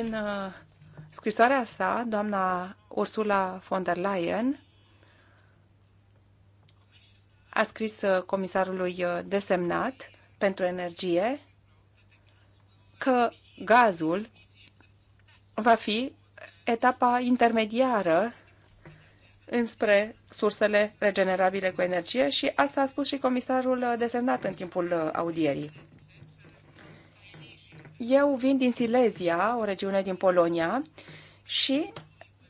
În uh, scrisoarea sa, doamna Ursula von der Leyen a scris uh, comisarului uh, desemnat pentru energie că gazul va fi etapa intermediară înspre sursele regenerabile cu energie și asta a spus și comisarul desemnat în timpul audierii. Eu vin din Silesia, o regiune din Polonia, și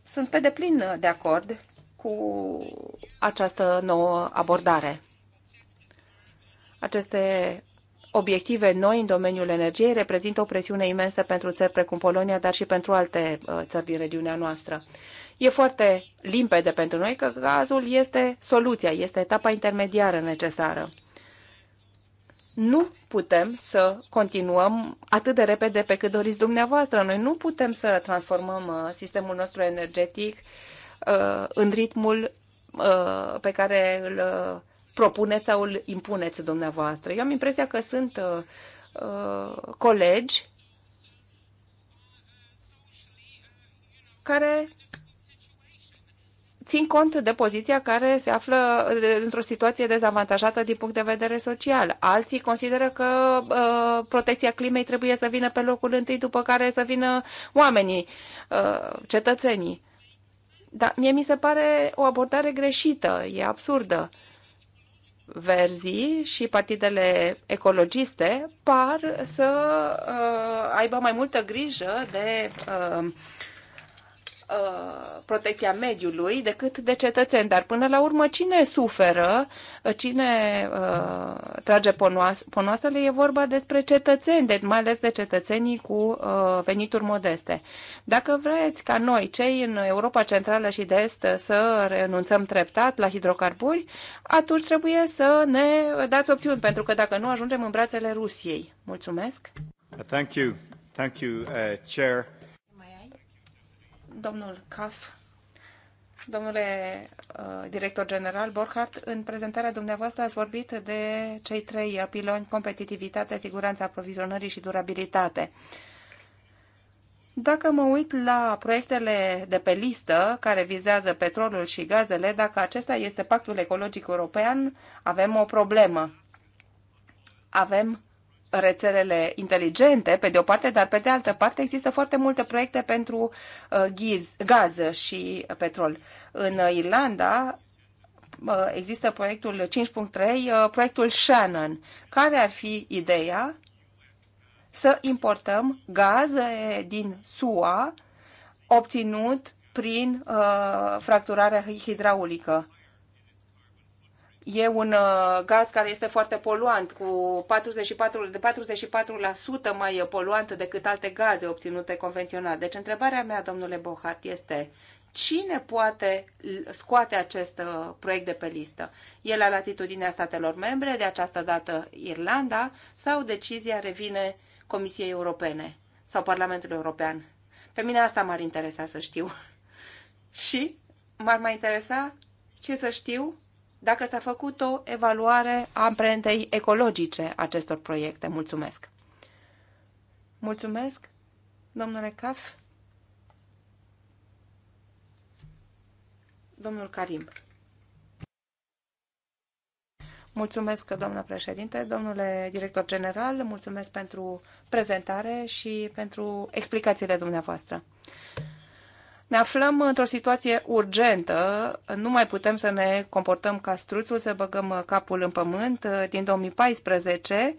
sunt pe deplin de acord cu această nouă abordare. Aceste obiective noi în domeniul energiei reprezintă o presiune imensă pentru țări precum Polonia, dar și pentru alte uh, țări din regiunea noastră. E foarte limpede pentru noi că gazul este soluția, este etapa intermediară necesară nu putem să continuăm atât de repede pe cât doriți dumneavoastră. Noi nu putem să transformăm uh, sistemul nostru energetic uh, în ritmul uh, pe care îl propuneți sau îl impuneți dumneavoastră. Eu am impresia că sunt colegi care țin cont de poziția care se află într-o situație dezavantajată din punct de vedere social. Alții consideră că uh, protecția climei trebuie să vină pe locul întâi, după care să vină oamenii, uh, cetățenii. Dar mie mi se pare o abordare greșită, e absurdă. Verzii și partidele ecologiste par să uh, aibă mai multă grijă de uh, Uh, protecția mediului decât de cetățeni. Dar până la urmă, cine suferă, uh, cine uh, trage ponoas, ponoasele, e vorba despre cetățeni, mai ales de cetățenii cu uh, venituri modeste. Dacă vreți ca noi, cei în Europa Centrală și de Est, să renunțăm treptat la hidrocarburi, atunci trebuie să ne dați opțiuni, pentru că dacă nu, ajungem în brațele Rusiei. Mulțumesc! Thank you. Thank you, uh, Chair domnul Kaf, domnule uh, director general Borchardt, în prezentarea dumneavoastră ați vorbit de cei trei piloni, competitivitate, siguranța aprovizionării și durabilitate. Dacă mă uit la proiectele de pe listă care vizează petrolul și gazele, dacă acesta este pactul ecologic european, avem o problemă. Avem rețelele inteligente, pe de o parte, dar pe de altă parte există foarte multe proiecte pentru uh, ghiz, gaz și petrol. În Irlanda uh, există proiectul 5.3, uh, proiectul Shannon. Care ar fi ideea? Să importăm gaz din SUA obținut prin uh, fracturarea hidraulică. E un uh, gaz care este foarte poluant, cu 44, de 44% mai poluant decât alte gaze obținute convențional. Deci întrebarea mea, domnule Bohart, este cine poate scoate acest uh, proiect de pe listă? E la latitudinea statelor membre, de această dată Irlanda, sau decizia revine Comisiei Europene sau Parlamentului European? Pe mine asta m-ar interesa să știu. Și m-ar mai interesa ce să știu dacă s-a făcut o evaluare a amprentei ecologice acestor proiecte. Mulțumesc! Mulțumesc, domnule Caf. Domnul Karim. Mulțumesc, doamnă președinte, domnule director general, mulțumesc pentru prezentare și pentru explicațiile dumneavoastră. Ne aflăm într-o situație urgentă, nu mai putem să ne comportăm ca struțul, să băgăm capul în pământ. Din 2014,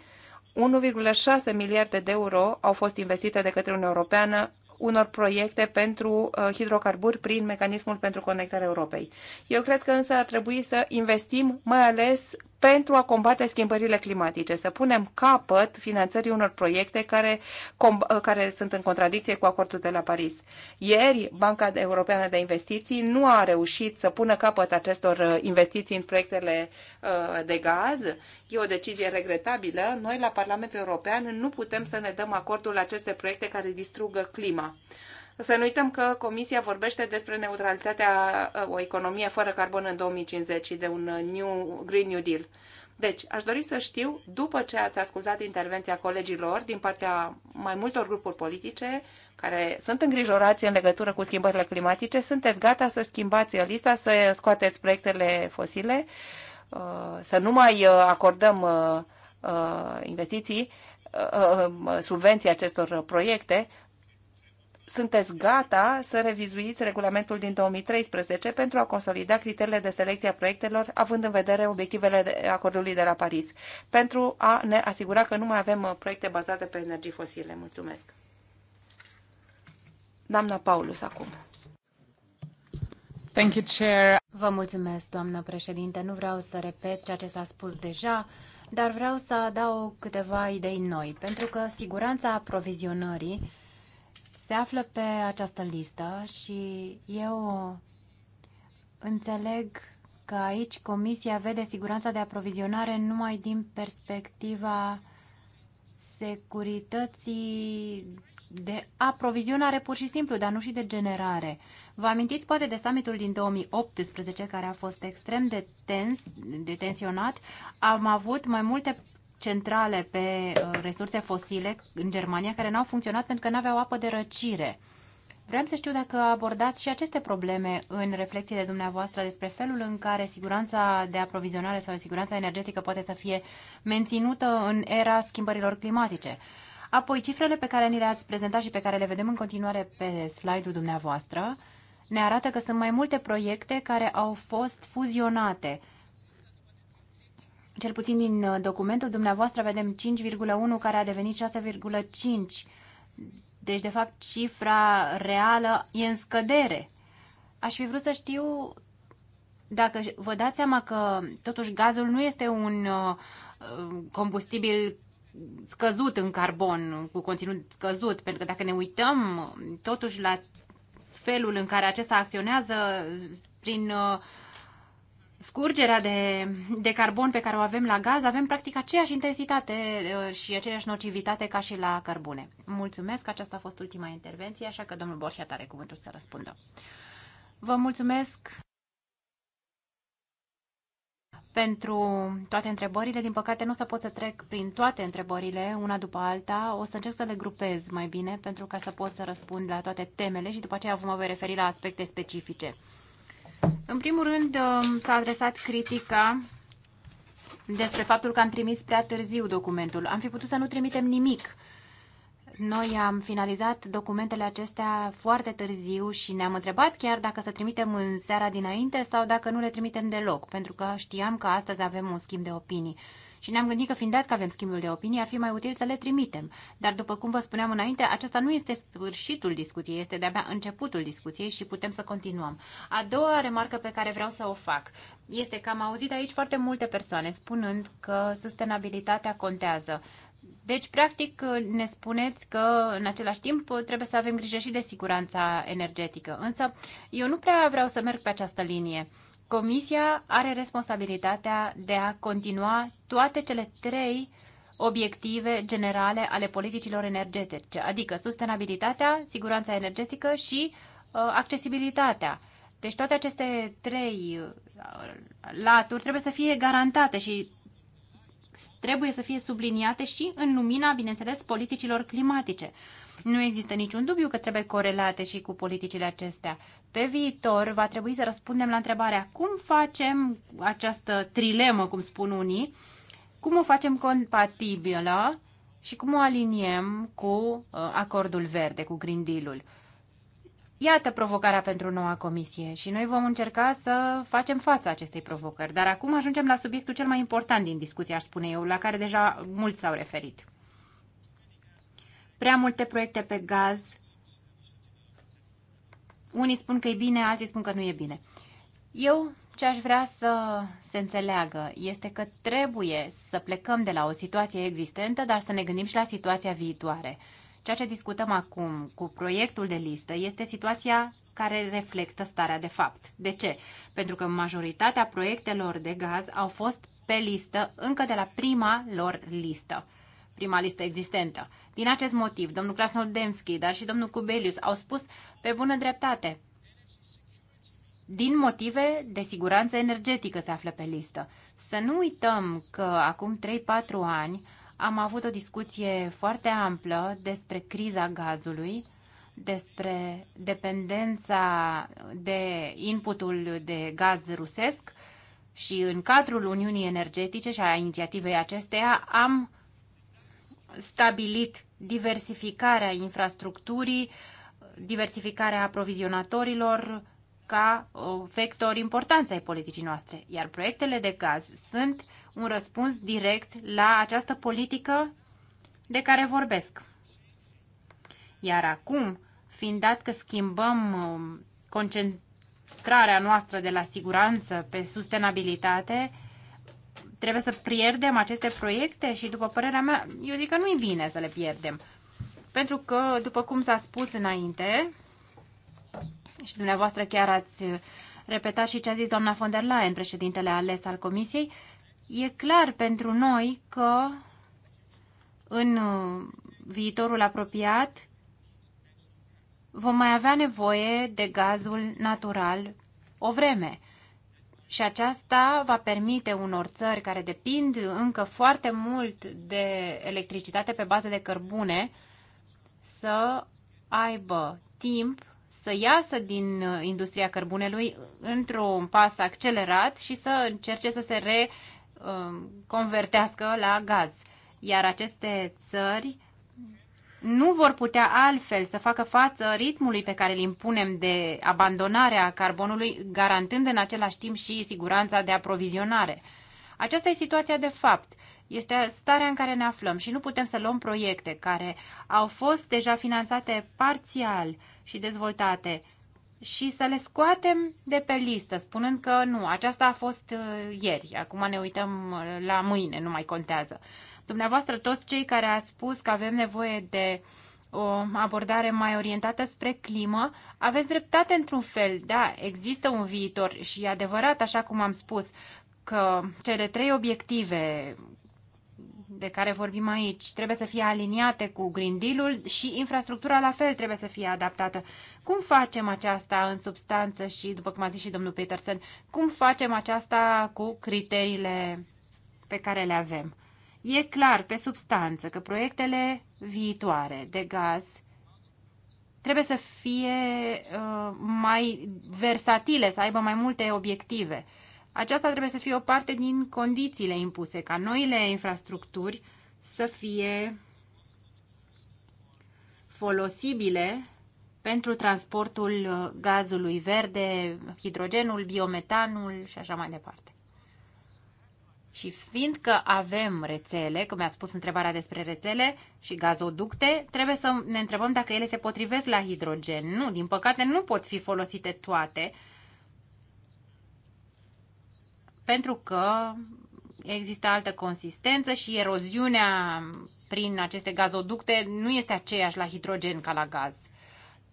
1,6 miliarde de euro au fost investite de către Uniunea Europeană unor proiecte pentru uh, hidrocarburi prin mecanismul pentru conectarea Europei. Eu cred că însă ar trebui să investim mai ales pentru a combate schimbările climatice, să punem capăt finanțării unor proiecte care, care sunt în contradicție cu acordul de la Paris. Ieri, Banca Europeană de Investiții nu a reușit să pună capăt acestor uh, investiții în proiectele uh, de gaz. E o decizie regretabilă. Noi, la Parlamentul European, nu putem să ne dăm acordul la aceste proiecte care distrugă clima. Să nu uităm că Comisia vorbește despre neutralitatea, uh, o economie fără carbon în 2050 și de un uh, new, Green New Deal. Deci, aș dori să știu, după ce ați ascultat intervenția colegilor din partea mai multor grupuri politice care sunt îngrijorați în legătură cu schimbările climatice, sunteți gata să schimbați lista, să scoateți proiectele fosile, uh, să nu mai acordăm investiții, subvenții acestor proiecte, sunteți gata să revizuiți regulamentul din 2013 pentru a consolida criteriile de selecție a proiectelor, având în vedere obiectivele de acordului de la Paris, pentru a ne asigura că nu mai avem uh, proiecte bazate pe energii fosile. Mulțumesc. Doamna Paulus, acum. Thank you, Chair. Vă mulțumesc, doamnă președinte. Nu vreau să repet ceea ce s-a spus deja, dar vreau să adaug câteva idei noi, pentru că siguranța aprovizionării se află pe această listă și eu înțeleg că aici Comisia vede siguranța de aprovizionare numai din perspectiva securității de aprovizionare pur și simplu, dar nu și de generare. Vă amintiți poate de summitul din 2018 care a fost extrem de tens, de tensionat. Am avut mai multe centrale pe uh, resurse fosile în Germania care n-au funcționat pentru că n-aveau apă de răcire. Vreau să știu dacă abordați și aceste probleme în reflecțiile dumneavoastră despre felul în care siguranța de aprovizionare sau siguranța energetică poate să fie menținută în era schimbărilor climatice. Apoi, cifrele pe care ni le-ați prezentat și pe care le vedem în continuare pe slide-ul dumneavoastră ne arată că sunt mai multe proiecte care au fost fuzionate cel puțin din uh, documentul dumneavoastră vedem 5,1 care a devenit 6,5. Deci, de fapt, cifra reală e în scădere. Aș fi vrut să știu dacă vă dați seama că totuși gazul nu este un uh, combustibil scăzut în carbon, cu conținut scăzut, pentru că dacă ne uităm totuși la felul în care acesta acționează prin uh, scurgerea de, de carbon pe care o avem la gaz, avem practic aceeași intensitate uh, și aceeași nocivitate ca și la cărbune. Mulțumesc, aceasta a fost ultima intervenție, așa că domnul Borșia are cuvântul să răspundă. Vă mulțumesc pentru toate întrebările. Din păcate nu o să pot să trec prin toate întrebările, una după alta. O să încerc să le grupez mai bine pentru ca să pot să răspund la toate temele și după aceea vă voi referi la aspecte specifice. În primul rând, um, s-a adresat critica despre faptul că am trimis prea târziu documentul. Am fi putut să nu trimitem nimic. Noi am finalizat documentele acestea foarte târziu și ne-am întrebat chiar dacă să trimitem în seara dinainte sau dacă nu le trimitem deloc, pentru că știam că astăzi avem un schimb de opinii. Și ne-am gândit că, fiind dat că avem schimbul de opinii, ar fi mai util să le trimitem. Dar, după cum vă spuneam înainte, acesta nu este sfârșitul discuției, este de-abia începutul discuției și putem să continuăm. A doua remarcă pe care vreau să o fac este că am auzit aici foarte multe persoane spunând că sustenabilitatea contează. Deci, practic, ne spuneți că, în același timp, trebuie să avem grijă și de siguranța energetică. Însă, eu nu prea vreau să merg pe această linie. Comisia are responsabilitatea de a continua toate cele trei obiective generale ale politicilor energetice, adică sustenabilitatea, siguranța energetică și uh, accesibilitatea. Deci toate aceste trei uh, laturi trebuie să fie garantate și trebuie să fie subliniate și în lumina, bineînțeles, politicilor climatice. Nu există niciun dubiu că trebuie corelate și cu politicile acestea pe viitor va trebui să răspundem la întrebarea cum facem această trilemă, cum spun unii, cum o facem compatibilă și cum o aliniem cu uh, acordul verde, cu Green Deal-ul. Iată provocarea pentru noua comisie și noi vom încerca să facem față acestei provocări. Dar acum ajungem la subiectul cel mai important din discuție, aș spune eu, la care deja mulți s-au referit. Prea multe proiecte pe gaz unii spun că e bine, alții spun că nu e bine. Eu ce aș vrea să se înțeleagă este că trebuie să plecăm de la o situație existentă, dar să ne gândim și la situația viitoare. Ceea ce discutăm acum cu proiectul de listă este situația care reflectă starea de fapt. De ce? Pentru că majoritatea proiectelor de gaz au fost pe listă încă de la prima lor listă prima listă existentă. Din acest motiv, domnul Krasnodemski, dar și domnul Kubelius au spus pe bună dreptate. Din motive de siguranță energetică se află pe listă. Să nu uităm că acum 3-4 ani am avut o discuție foarte amplă despre criza gazului, despre dependența de inputul de gaz rusesc și în cadrul Uniunii Energetice și a inițiativei acesteia am stabilit diversificarea infrastructurii, diversificarea aprovizionatorilor ca uh, vector importanță ai politicii noastre, iar proiectele de gaz sunt un răspuns direct la această politică de care vorbesc. Iar acum, fiind dat că schimbăm um, concentrarea noastră de la siguranță pe sustenabilitate, trebuie să pierdem aceste proiecte și, după părerea mea, eu zic că nu-i bine să le pierdem. Pentru că, după cum s-a spus înainte, și dumneavoastră chiar ați repetat și ce a zis doamna von der Leyen, președintele ales al Comisiei, e clar pentru noi că în uh, viitorul apropiat vom mai avea nevoie de gazul natural o vreme – și aceasta va permite unor țări care depind încă foarte mult de electricitate pe bază de cărbune să aibă timp să iasă din uh, industria cărbunelui într-un pas accelerat și să încerce să se reconvertească uh, la gaz. Iar aceste țări nu vor putea altfel să facă față ritmului pe care îl impunem de abandonarea carbonului, garantând în același timp și siguranța de aprovizionare. Aceasta e situația de fapt. Este starea în care ne aflăm și nu putem să luăm proiecte care au fost deja finanțate parțial și dezvoltate și să le scoatem de pe listă, spunând că nu, aceasta a fost uh, ieri, acum ne uităm uh, la mâine, nu mai contează. Dumneavoastră, toți cei care ați spus că avem nevoie de o abordare mai orientată spre climă, aveți dreptate într-un fel. Da, există un viitor și e adevărat, așa cum am spus, că cele trei obiective de care vorbim aici trebuie să fie aliniate cu Green Deal-ul și infrastructura la fel trebuie să fie adaptată. Cum facem aceasta în substanță și, după cum a zis și domnul Peterson, cum facem aceasta cu criteriile pe care le avem? E clar pe substanță că proiectele viitoare de gaz trebuie să fie uh, mai versatile, să aibă mai multe obiective. Aceasta trebuie să fie o parte din condițiile impuse, ca noile infrastructuri să fie folosibile pentru transportul uh, gazului verde, hidrogenul, biometanul și așa mai departe. Și fiindcă avem rețele, cum mi-a spus întrebarea despre rețele și gazoducte, trebuie să ne întrebăm dacă ele se potrivesc la hidrogen. Nu, din păcate nu pot fi folosite toate, pentru că există altă consistență și eroziunea prin aceste gazoducte nu este aceeași la hidrogen ca la gaz.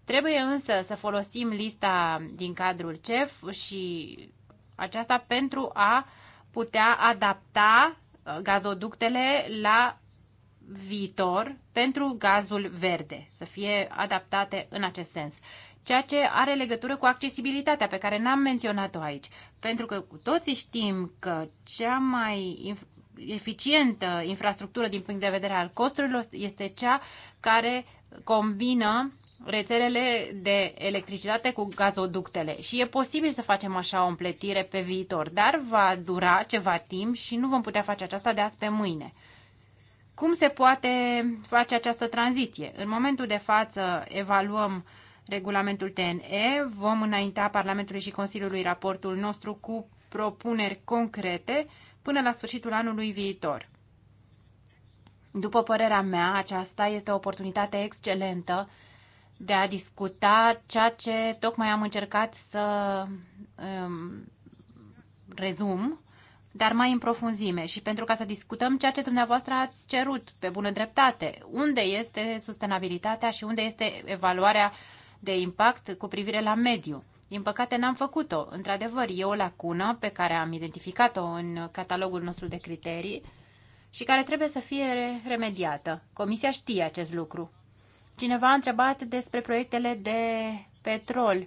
Trebuie însă să folosim lista din cadrul CEF și aceasta pentru a putea adapta uh, gazoductele la viitor pentru gazul verde, să fie adaptate în acest sens. Ceea ce are legătură cu accesibilitatea pe care n-am menționat-o aici. Pentru că cu toții știm că cea mai eficientă infrastructură din punct de vedere al costurilor este cea care combină rețelele de electricitate cu gazoductele și e posibil să facem așa o împletire pe viitor, dar va dura ceva timp și nu vom putea face aceasta de azi pe mâine. Cum se poate face această tranziție? În momentul de față evaluăm regulamentul TNE, vom înainta Parlamentului și Consiliului raportul nostru cu propuneri concrete până la sfârșitul anului viitor. După părerea mea, aceasta este o oportunitate excelentă de a discuta ceea ce tocmai am încercat să um, rezum, dar mai în profunzime și pentru ca să discutăm ceea ce dumneavoastră ați cerut pe bună dreptate. Unde este sustenabilitatea și unde este evaluarea de impact cu privire la mediu? Din păcate n-am făcut-o. Într-adevăr, e o lacună pe care am identificat-o în catalogul nostru de criterii și care trebuie să fie remediată. Comisia știe acest lucru. Cineva a întrebat despre proiectele de petrol.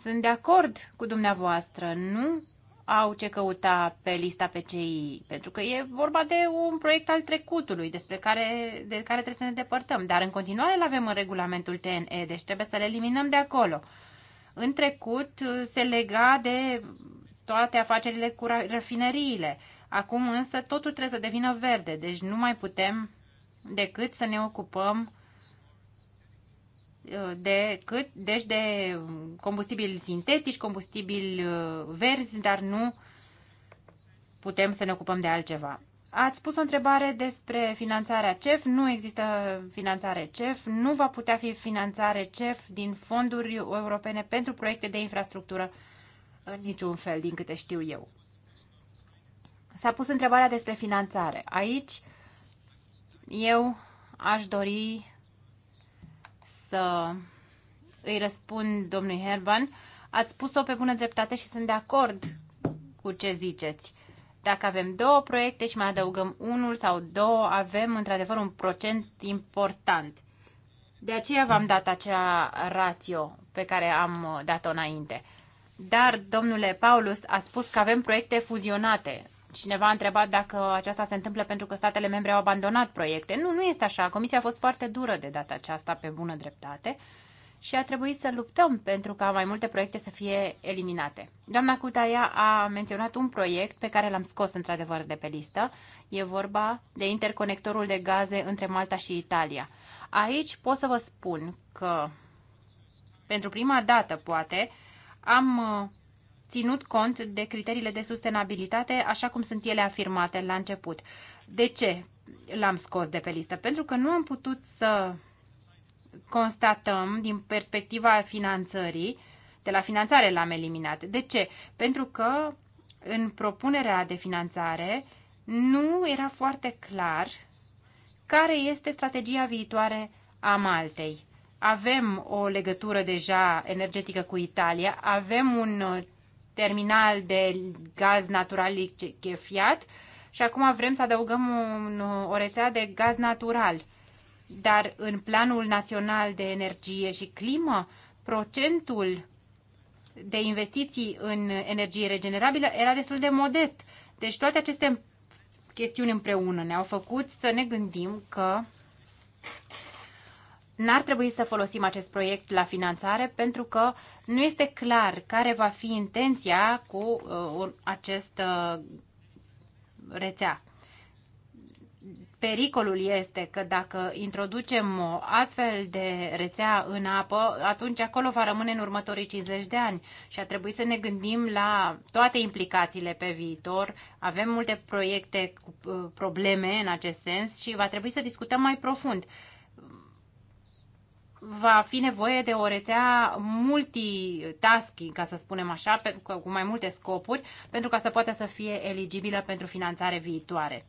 Sunt de acord cu dumneavoastră, nu au ce căuta pe lista PCI, pentru că e vorba de un proiect al trecutului despre care, de care trebuie să ne depărtăm, dar în continuare îl avem în regulamentul TNE, deci trebuie să le eliminăm de acolo. În trecut se lega de toate afacerile cu rafineriile. Acum însă totul trebuie să devină verde, deci nu mai putem decât să ne ocupăm uh, de cât, deci de combustibili sintetici, combustibili uh, verzi, dar nu putem să ne ocupăm de altceva. Ați pus o întrebare despre finanțarea CEF. Nu există finanțare CEF. Nu va putea fi finanțare CEF din fonduri europene pentru proiecte de infrastructură în niciun fel, din câte știu eu. S-a pus întrebarea despre finanțare. Aici eu aș dori să îi răspund domnului Herban. Ați spus-o pe bună dreptate și sunt de acord cu ce ziceți. Dacă avem două proiecte și mai adăugăm unul sau două, avem într-adevăr un procent important. De aceea v-am dat acea rațio pe care am uh, dat-o înainte. Dar, domnule Paulus, a spus că avem proiecte fuzionate Cineva a întrebat dacă aceasta se întâmplă pentru că statele membre au abandonat proiecte. Nu, nu este așa. Comisia a fost foarte dură de data aceasta, pe bună dreptate, și a trebuit să luptăm pentru ca mai multe proiecte să fie eliminate. Doamna Cutaia a menționat un proiect pe care l-am scos într-adevăr de pe listă. E vorba de interconectorul de gaze între Malta și Italia. Aici pot să vă spun că pentru prima dată, poate, am ținut cont de criteriile de sustenabilitate, așa cum sunt ele afirmate la început. De ce l-am scos de pe listă? Pentru că nu am putut să constatăm din perspectiva finanțării, de la finanțare l-am eliminat. De ce? Pentru că în propunerea de finanțare nu era foarte clar care este strategia viitoare a Maltei. Avem o legătură deja energetică cu Italia, avem un terminal de gaz natural lichefiat și acum vrem să adăugăm un, o rețea de gaz natural. Dar în Planul Național de Energie și Climă, procentul de investiții în energie regenerabilă era destul de modest. Deci toate aceste chestiuni împreună ne-au făcut să ne gândim că N-ar trebui să folosim acest proiect la finanțare pentru că nu este clar care va fi intenția cu uh, acest uh, rețea. Pericolul este că dacă introducem o astfel de rețea în apă, atunci acolo va rămâne în următorii 50 de ani și a trebuit să ne gândim la toate implicațiile pe viitor. Avem multe proiecte cu uh, probleme în acest sens și va trebui să discutăm mai profund va fi nevoie de o rețea multitasking, ca să spunem așa, pe, cu mai multe scopuri, pentru ca să poată să fie eligibilă pentru finanțare viitoare.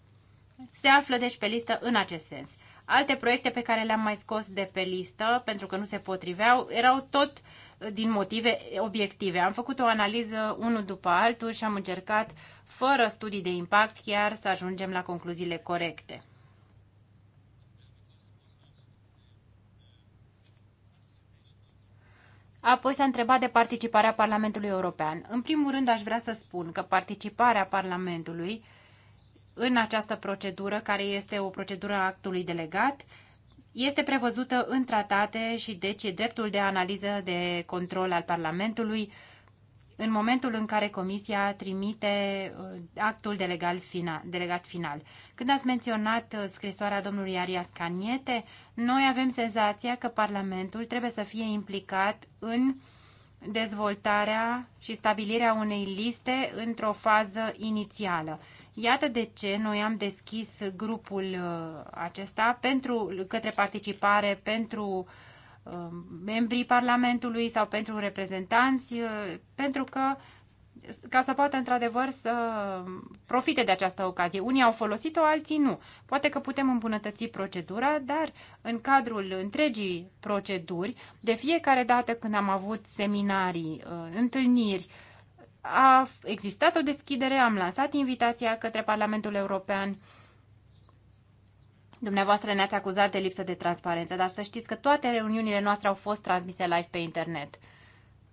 Se află deci pe listă în acest sens. Alte proiecte pe care le-am mai scos de pe listă, pentru că nu se potriveau, erau tot uh, din motive obiective. Am făcut o analiză unul după altul și am încercat, fără studii de impact, chiar să ajungem la concluziile corecte. Apoi s-a întrebat de participarea Parlamentului European. În primul rând aș vrea să spun că participarea Parlamentului în această procedură, care este o procedură a actului delegat, este prevăzută în tratate și deci e dreptul de analiză de control al Parlamentului în momentul în care Comisia trimite uh, actul delegal final, delegat final. Când ați menționat uh, scrisoarea domnului Arias Caniete, noi avem senzația că Parlamentul trebuie să fie implicat în dezvoltarea și stabilirea unei liste într-o fază inițială. Iată de ce noi am deschis grupul uh, acesta pentru, către participare pentru uh, Um, membrii Parlamentului sau pentru reprezentanți, uh, pentru că ca să poată într-adevăr să profite de această ocazie. Unii au folosit-o, alții nu. Poate că putem îmbunătăți procedura, dar în cadrul întregii proceduri, de fiecare dată când am avut seminarii, uh, întâlniri, a existat o deschidere, am lansat invitația către Parlamentul European Dumneavoastră ne-ați acuzat de lipsă de transparență, dar să știți că toate reuniunile noastre au fost transmise live pe internet.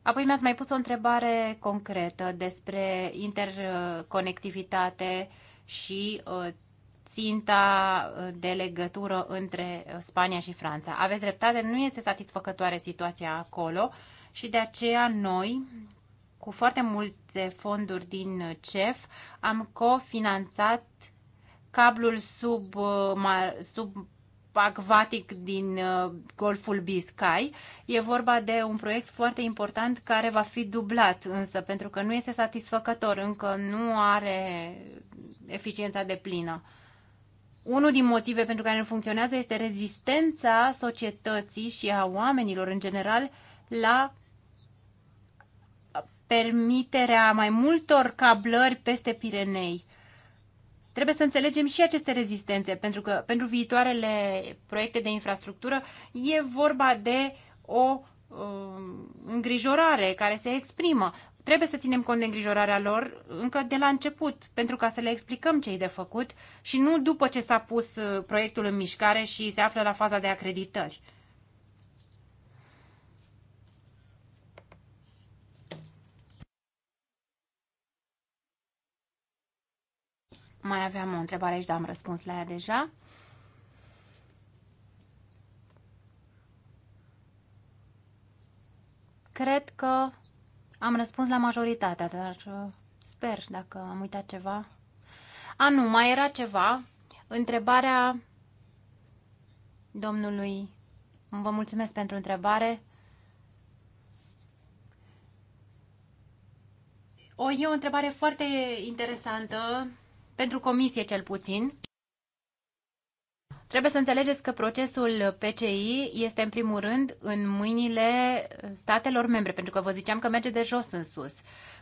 Apoi mi-ați mai pus o întrebare concretă despre interconectivitate și uh, ținta uh, de legătură între uh, Spania și Franța. Aveți dreptate, nu este satisfăcătoare situația acolo și de aceea noi, cu foarte multe fonduri din CEF, am cofinanțat cablul sub, uh, sub acvatic din uh, Golful Biscay. E vorba de un proiect foarte important care va fi dublat, însă pentru că nu este satisfăcător, încă nu are eficiența de plină. Unul din motive pentru care nu funcționează este rezistența societății și a oamenilor în general la permiterea mai multor cablări peste Pirenei Trebuie să înțelegem și aceste rezistențe, pentru că pentru viitoarele proiecte de infrastructură e vorba de o um, îngrijorare care se exprimă. Trebuie să ținem cont de îngrijorarea lor încă de la început, pentru ca să le explicăm ce e de făcut și nu după ce s-a pus uh, proiectul în mișcare și se află la faza de acreditări. Mai aveam o întrebare aici, dar am răspuns la ea deja. Cred că am răspuns la majoritatea, dar uh, sper dacă am uitat ceva. A, nu, mai era ceva. Întrebarea domnului. Vă mulțumesc pentru întrebare. O, e o întrebare foarte interesantă pentru comisie cel puțin, Trebuie să înțelegeți că procesul PCI este în primul rând în mâinile statelor membre, pentru că vă ziceam că merge de jos în sus.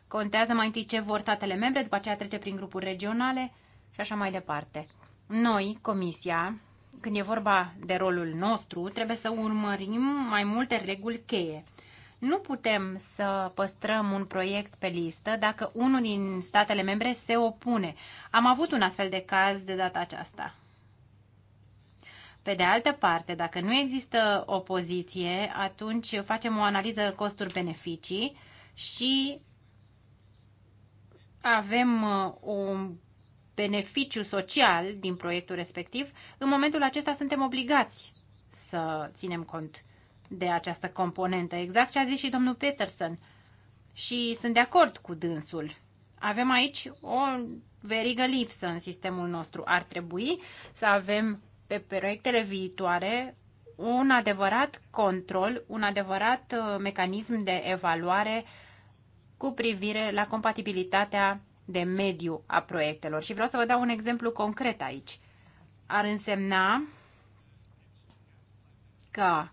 Contează mai întâi ce vor statele membre, după aceea trece prin grupuri regionale și așa mai departe. Noi, Comisia, când e vorba de rolul nostru, trebuie să urmărim mai multe reguli cheie. Nu putem să păstrăm un proiect pe listă dacă unul din statele membre se opune. Am avut un astfel de caz de data aceasta. Pe de altă parte, dacă nu există opoziție, atunci facem o analiză costuri-beneficii și avem uh, un beneficiu social din proiectul respectiv, în momentul acesta suntem obligați să ținem cont de această componentă, exact ce a zis și domnul Peterson. Și sunt de acord cu dânsul. Avem aici o verigă lipsă în sistemul nostru. Ar trebui să avem pe proiectele viitoare un adevărat control, un adevărat uh, mecanism de evaluare cu privire la compatibilitatea de mediu a proiectelor. Și vreau să vă dau un exemplu concret aici. Ar însemna ca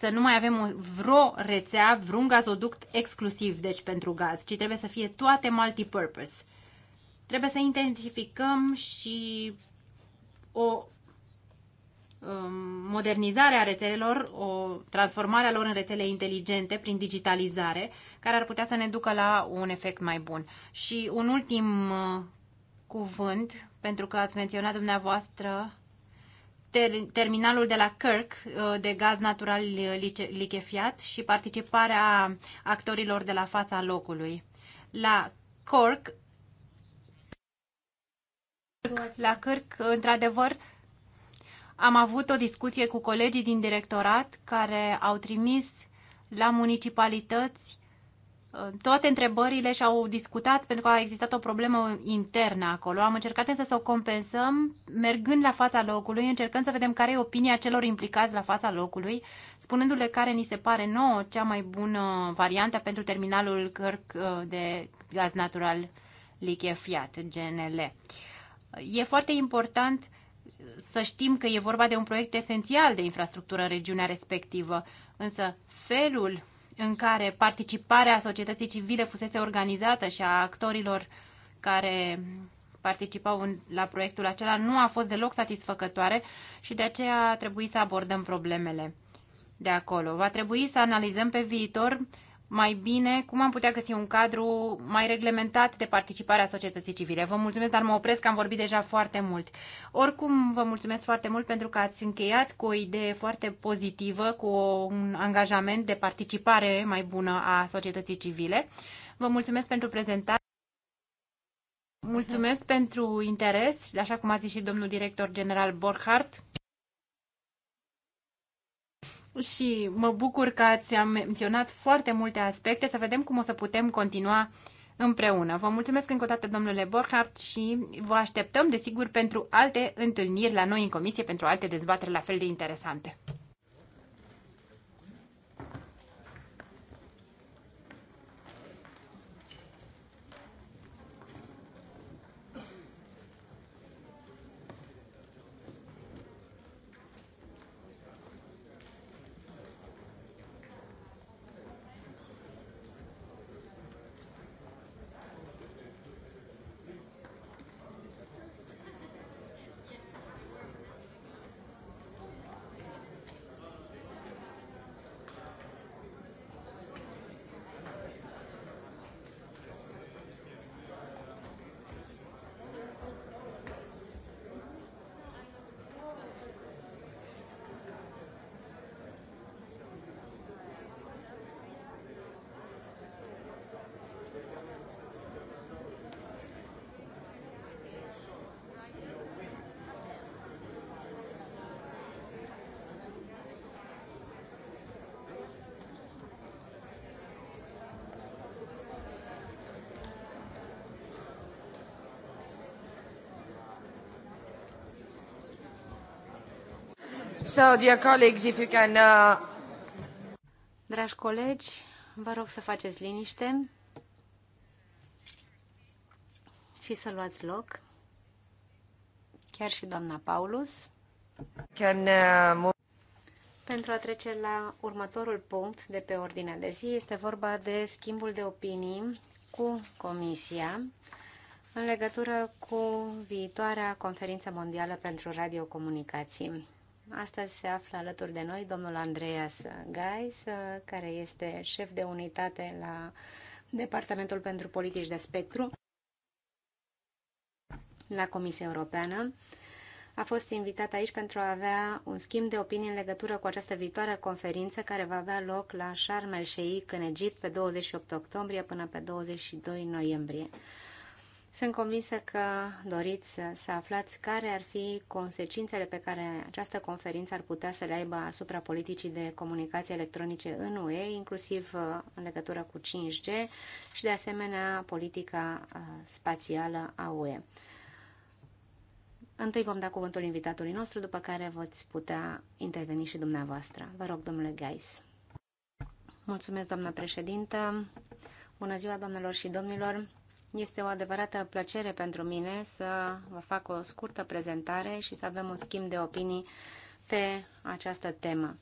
să nu mai avem vreo rețea, vreun gazoduct exclusiv, deci pentru gaz, ci trebuie să fie toate multipurpose. Trebuie să intensificăm și o um, modernizarea rețelelor, o transformare a lor în rețele inteligente prin digitalizare, care ar putea să ne ducă la un efect mai bun. Și un ultim uh, cuvânt, pentru că ați menționat dumneavoastră ter- terminalul de la Kirk uh, de gaz natural uh, lichefiat și participarea actorilor de la fața locului. La Cork, la Kirk, într-adevăr, am avut o discuție cu colegii din directorat care au trimis la municipalități toate întrebările și-au discutat pentru că a existat o problemă internă acolo. Am încercat însă să o compensăm mergând la fața locului, încercând să vedem care e opinia celor implicați la fața locului, spunându-le care ni se pare nouă cea mai bună variantă pentru terminalul cărc uh, de gaz natural lichefiat, GNL. E foarte important să știm că e vorba de un proiect esențial de infrastructură în regiunea respectivă, însă felul în care participarea societății civile fusese organizată și a actorilor care participau în, la proiectul acela nu a fost deloc satisfăcătoare și de aceea a trebuit să abordăm problemele de acolo. Va trebui să analizăm pe viitor mai bine cum am putea găsi un cadru mai reglementat de participarea societății civile. Vă mulțumesc, dar mă opresc, am vorbit deja foarte mult. Oricum, vă mulțumesc foarte mult pentru că ați încheiat cu o idee foarte pozitivă, cu un angajament de participare mai bună a societății civile. Vă mulțumesc pentru prezentare. Mulțumesc pentru interes, așa cum a zis și domnul director general Borchardt și mă bucur că ați menționat foarte multe aspecte, să vedem cum o să putem continua împreună. Vă mulțumesc încă o dată, domnule Borchardt, și vă așteptăm, desigur, pentru alte întâlniri la noi în comisie, pentru alte dezbateri la fel de interesante. So, dear colleagues, if you can... Uh... Dragi colegi, vă rog să faceți liniște și să luați loc. Chiar și doamna Paulus. Can, uh, pentru a trece la următorul punct de pe ordinea de zi, este vorba de schimbul de opinii cu Comisia în legătură cu viitoarea conferință mondială pentru radiocomunicații. Astăzi se află alături de noi domnul Andreas Gais, care este șef de unitate la Departamentul pentru Politici de Spectru la Comisia Europeană. A fost invitat aici pentru a avea un schimb de opinii în legătură cu această viitoare conferință care va avea loc la Sharm el Sheikh în Egipt pe 28 octombrie până pe 22 noiembrie. Sunt convinsă că doriți să aflați care ar fi consecințele pe care această conferință ar putea să le aibă asupra politicii de comunicații electronice în UE, inclusiv uh, în legătură cu 5G și, de asemenea, politica uh, spațială a UE. Întâi vom da cuvântul invitatului nostru, după care veți putea interveni și dumneavoastră. Vă rog, domnule Gais. Mulțumesc, doamnă președintă. Bună ziua, doamnelor și domnilor. Este o adevărată plăcere pentru mine să vă fac o scurtă prezentare și să avem un schimb de opinii pe această temă.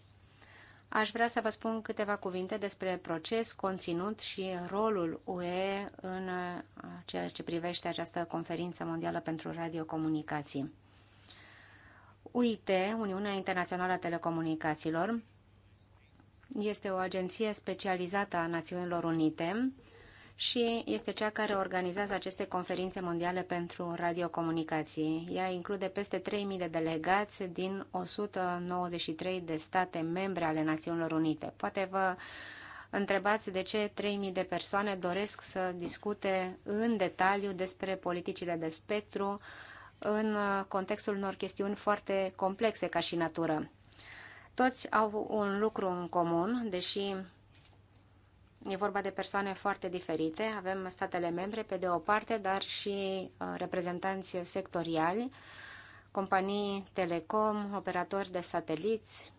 Aș vrea să vă spun câteva cuvinte despre proces, conținut și rolul UE în uh, ceea ce privește această conferință mondială pentru radiocomunicații. UIT, Uniunea Internațională a Telecomunicațiilor, este o agenție specializată a Națiunilor Unite, și este cea care organizează aceste conferințe mondiale pentru radiocomunicații. Ea include peste 3.000 de delegați din 193 de state membre ale Națiunilor Unite. Poate vă întrebați de ce 3.000 de persoane doresc să discute în detaliu despre politicile de spectru în contextul unor chestiuni foarte complexe ca și natură. Toți au un lucru în comun, deși E vorba de persoane foarte diferite. Avem statele membre pe de o parte, dar și uh, reprezentanți sectoriali, companii telecom, operatori de sateliți,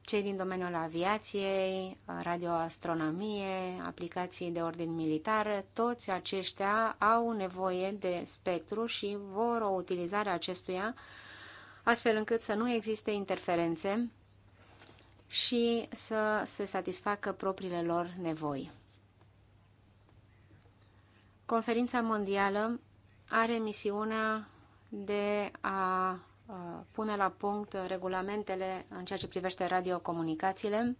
cei din domeniul aviației, uh, radioastronomie, aplicații de ordin militar, toți aceștia au nevoie de spectru și vor o utilizare acestuia astfel încât să nu existe interferențe și să se satisfacă propriile lor nevoi. Conferința mondială are misiunea de a pune la punct regulamentele în ceea ce privește radiocomunicațiile,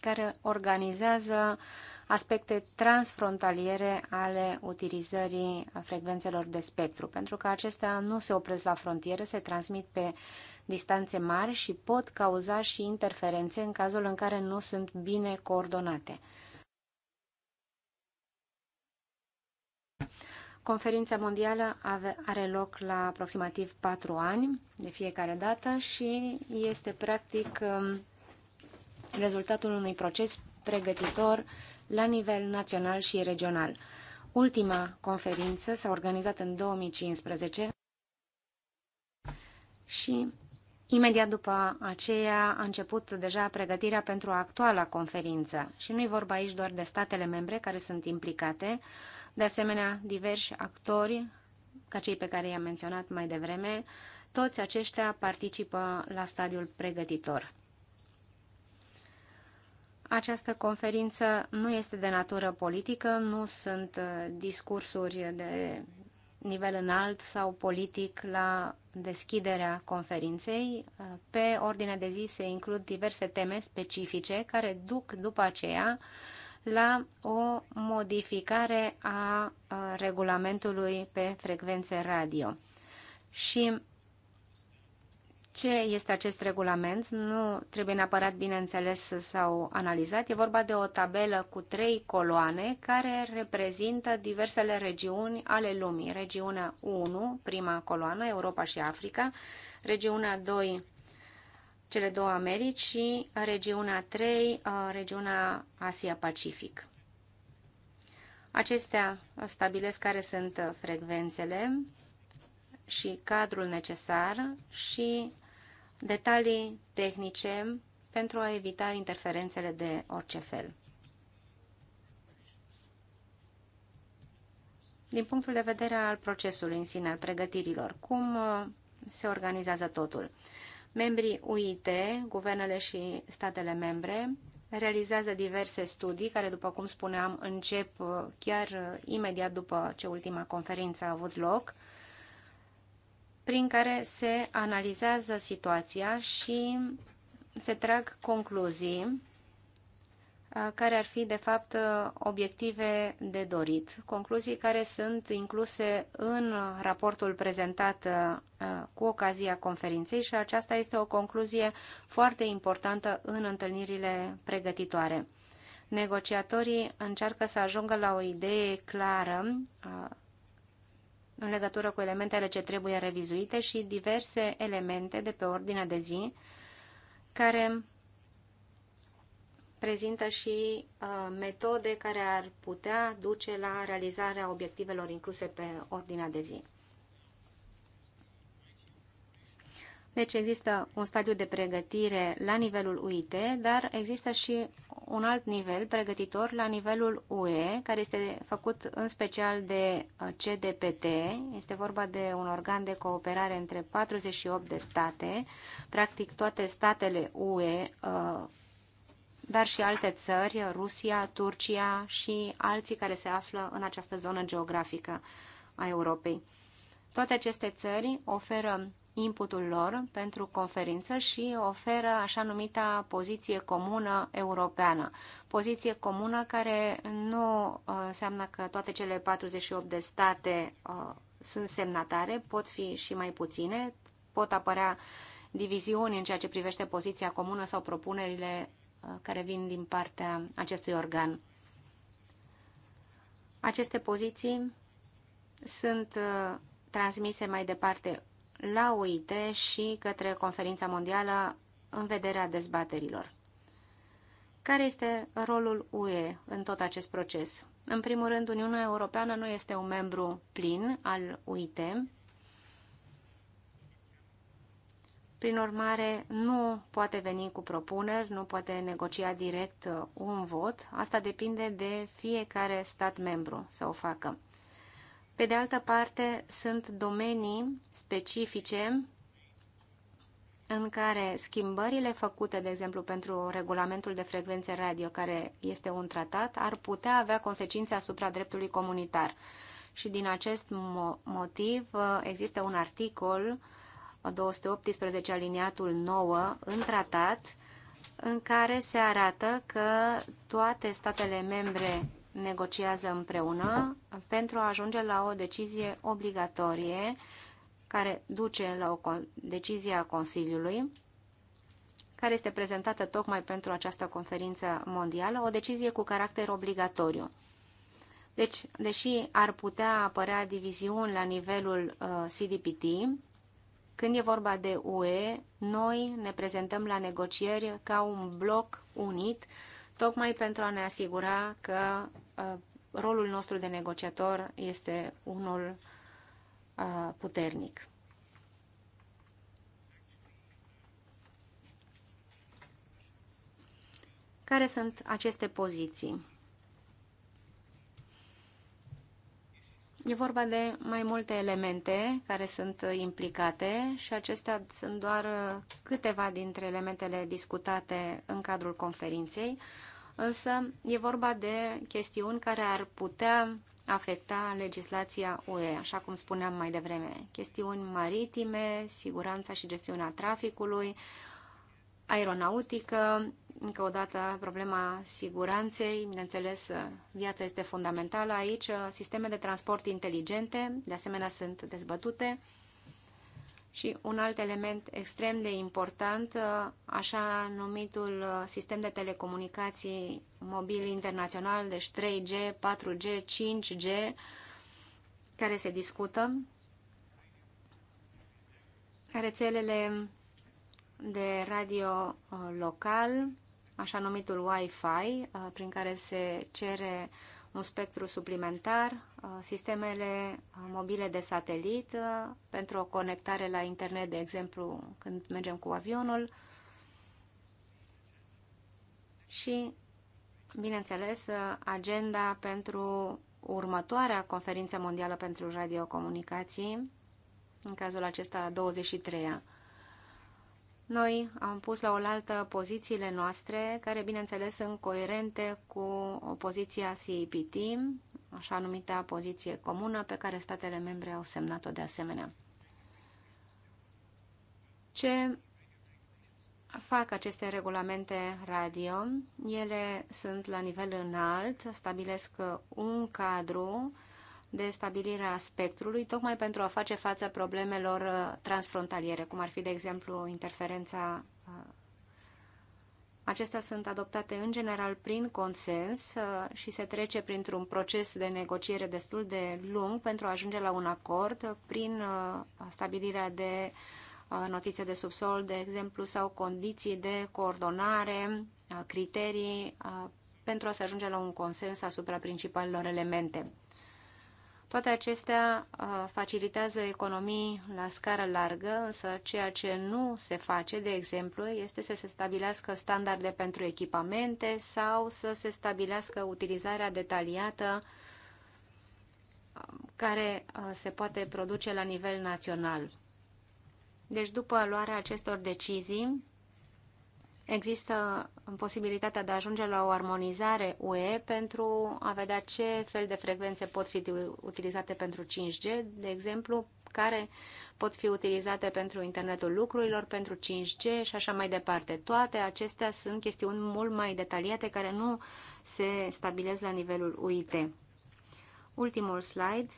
care organizează aspecte transfrontaliere ale utilizării frecvențelor de spectru, pentru că acestea nu se opresc la frontiere, se transmit pe distanțe mari și pot cauza și interferențe în cazul în care nu sunt bine coordonate. Conferința mondială are loc la aproximativ 4 ani de fiecare dată și este practic um, rezultatul unui proces pregătitor la nivel național și regional. Ultima conferință s-a organizat în 2015 și Imediat după aceea a început deja pregătirea pentru actuala conferință și nu-i vorba aici doar de statele membre care sunt implicate, de asemenea diversi actori, ca cei pe care i-am menționat mai devreme, toți aceștia participă la stadiul pregătitor. Această conferință nu este de natură politică, nu sunt discursuri de nivel înalt sau politic la deschiderea conferinței. Pe ordinea de zi se includ diverse teme specifice care duc după aceea la o modificare a regulamentului pe frecvențe radio. Și ce este acest regulament. Nu trebuie neapărat, bineînțeles, sau analizat. E vorba de o tabelă cu trei coloane care reprezintă diversele regiuni ale lumii. Regiunea 1, prima coloană, Europa și Africa. Regiunea 2, cele două Americi și regiunea 3, uh, regiunea Asia-Pacific. Acestea stabilesc care sunt frecvențele și cadrul necesar și detalii tehnice pentru a evita interferențele de orice fel. Din punctul de vedere al procesului în sine, al pregătirilor, cum uh, se organizează totul? Membrii UIT, guvernele și statele membre, realizează diverse studii care, după cum spuneam, încep uh, chiar uh, imediat după ce ultima conferință a avut loc, prin care se analizează situația și se trag concluzii uh, care ar fi, de fapt, uh, obiective de dorit. Concluzii care sunt incluse în raportul prezentat uh, cu ocazia conferinței și aceasta este o concluzie foarte importantă în întâlnirile pregătitoare. Negociatorii încearcă să ajungă la o idee clară în legătură cu elementele ce trebuie revizuite și diverse elemente de pe ordinea de zi care prezintă și uh, metode care ar putea duce la realizarea obiectivelor incluse pe ordinea de zi. Deci există un stadiu de pregătire la nivelul UIT, dar există și un alt nivel pregătitor la nivelul UE, care este făcut în special de uh, CDPT. Este vorba de un organ de cooperare între 48 de state, practic toate statele UE, uh, dar și alte țări, Rusia, Turcia și alții care se află în această zonă geografică a Europei. Toate aceste țări oferă inputul lor pentru conferință și oferă așa numita poziție comună europeană. Poziție comună care nu uh, înseamnă că toate cele 48 de state uh, sunt semnatare, pot fi și mai puține, pot apărea diviziuni în ceea ce privește poziția comună sau propunerile uh, care vin din partea acestui organ. Aceste poziții sunt transmise mai departe la OIT și către conferința mondială în vederea dezbaterilor. Care este rolul UE în tot acest proces? În primul rând, Uniunea Europeană nu este un membru plin al UIT. Prin urmare, nu poate veni cu propuneri, nu poate negocia direct uh, un vot. Asta depinde de fiecare stat membru să o facă. Pe de altă parte, sunt domenii specifice în care schimbările făcute, de exemplu, pentru regulamentul de frecvențe radio, care este un tratat, ar putea avea consecințe asupra dreptului comunitar. Și din acest motiv uh, există un articol 218 uh, aliniatul 9 în tratat în care se arată că toate statele membre negociază împreună pentru a ajunge la o decizie obligatorie care duce la o decizie a Consiliului, care este prezentată tocmai pentru această conferință mondială, o decizie cu caracter obligatoriu. Deci, deși ar putea apărea diviziuni la nivelul uh, CDPT, când e vorba de UE, noi ne prezentăm la negocieri ca un bloc unit, tocmai pentru a ne asigura că rolul nostru de negociator este unul puternic. Care sunt aceste poziții? E vorba de mai multe elemente care sunt implicate și acestea sunt doar câteva dintre elementele discutate în cadrul conferinței însă e vorba de chestiuni care ar putea afecta legislația UE, așa cum spuneam mai devreme. Chestiuni maritime, siguranța și gestiunea traficului, aeronautică, încă o dată problema siguranței, bineînțeles, viața este fundamentală aici, sisteme de transport inteligente, de asemenea, sunt dezbătute, și un alt element extrem de important, uh, așa numitul uh, sistem de telecomunicații mobil internațional, deci 3G, 4G, 5G, care se discută, rețelele de radio uh, local, așa numitul Wi-Fi, prin care se cere uh, un spectru suplimentar, uh, sistemele mobile de satelit uh, pentru o conectare la internet, de exemplu, când mergem cu avionul și, bineînțeles, uh, agenda pentru următoarea conferință mondială pentru radiocomunicații, în cazul acesta 23-a. Noi am pus la oaltă pozițiile noastre, care bineînțeles sunt coerente cu poziția CIPT, așa numita poziție comună pe care statele membre au semnat-o de asemenea. Ce fac aceste regulamente radio? Ele sunt la nivel înalt, stabilesc un cadru de stabilire a spectrului, tocmai pentru a face față problemelor uh, transfrontaliere, cum ar fi, de exemplu, interferența. Uh, acestea sunt adoptate în general prin consens uh, și se trece printr-un proces de negociere destul de lung pentru a ajunge la un acord prin stabilirea de notițe de subsol, de exemplu, sau condiții de coordonare, criterii pentru a se ajunge la un consens asupra principalelor elemente. Toate acestea uh, facilitează economii la scară largă, însă ceea ce nu se face, de exemplu, este să se stabilească standarde pentru echipamente sau să se stabilească utilizarea detaliată uh, care uh, se poate produce la nivel național. Deci, după luarea acestor decizii, există posibilitatea de a ajunge la o armonizare UE pentru a vedea ce fel de frecvențe pot fi utilizate pentru 5G, de exemplu, care pot fi utilizate pentru internetul lucrurilor, pentru 5G și așa mai departe. Toate acestea sunt chestiuni mult mai detaliate care nu se stabilesc la nivelul UIT. Ultimul slide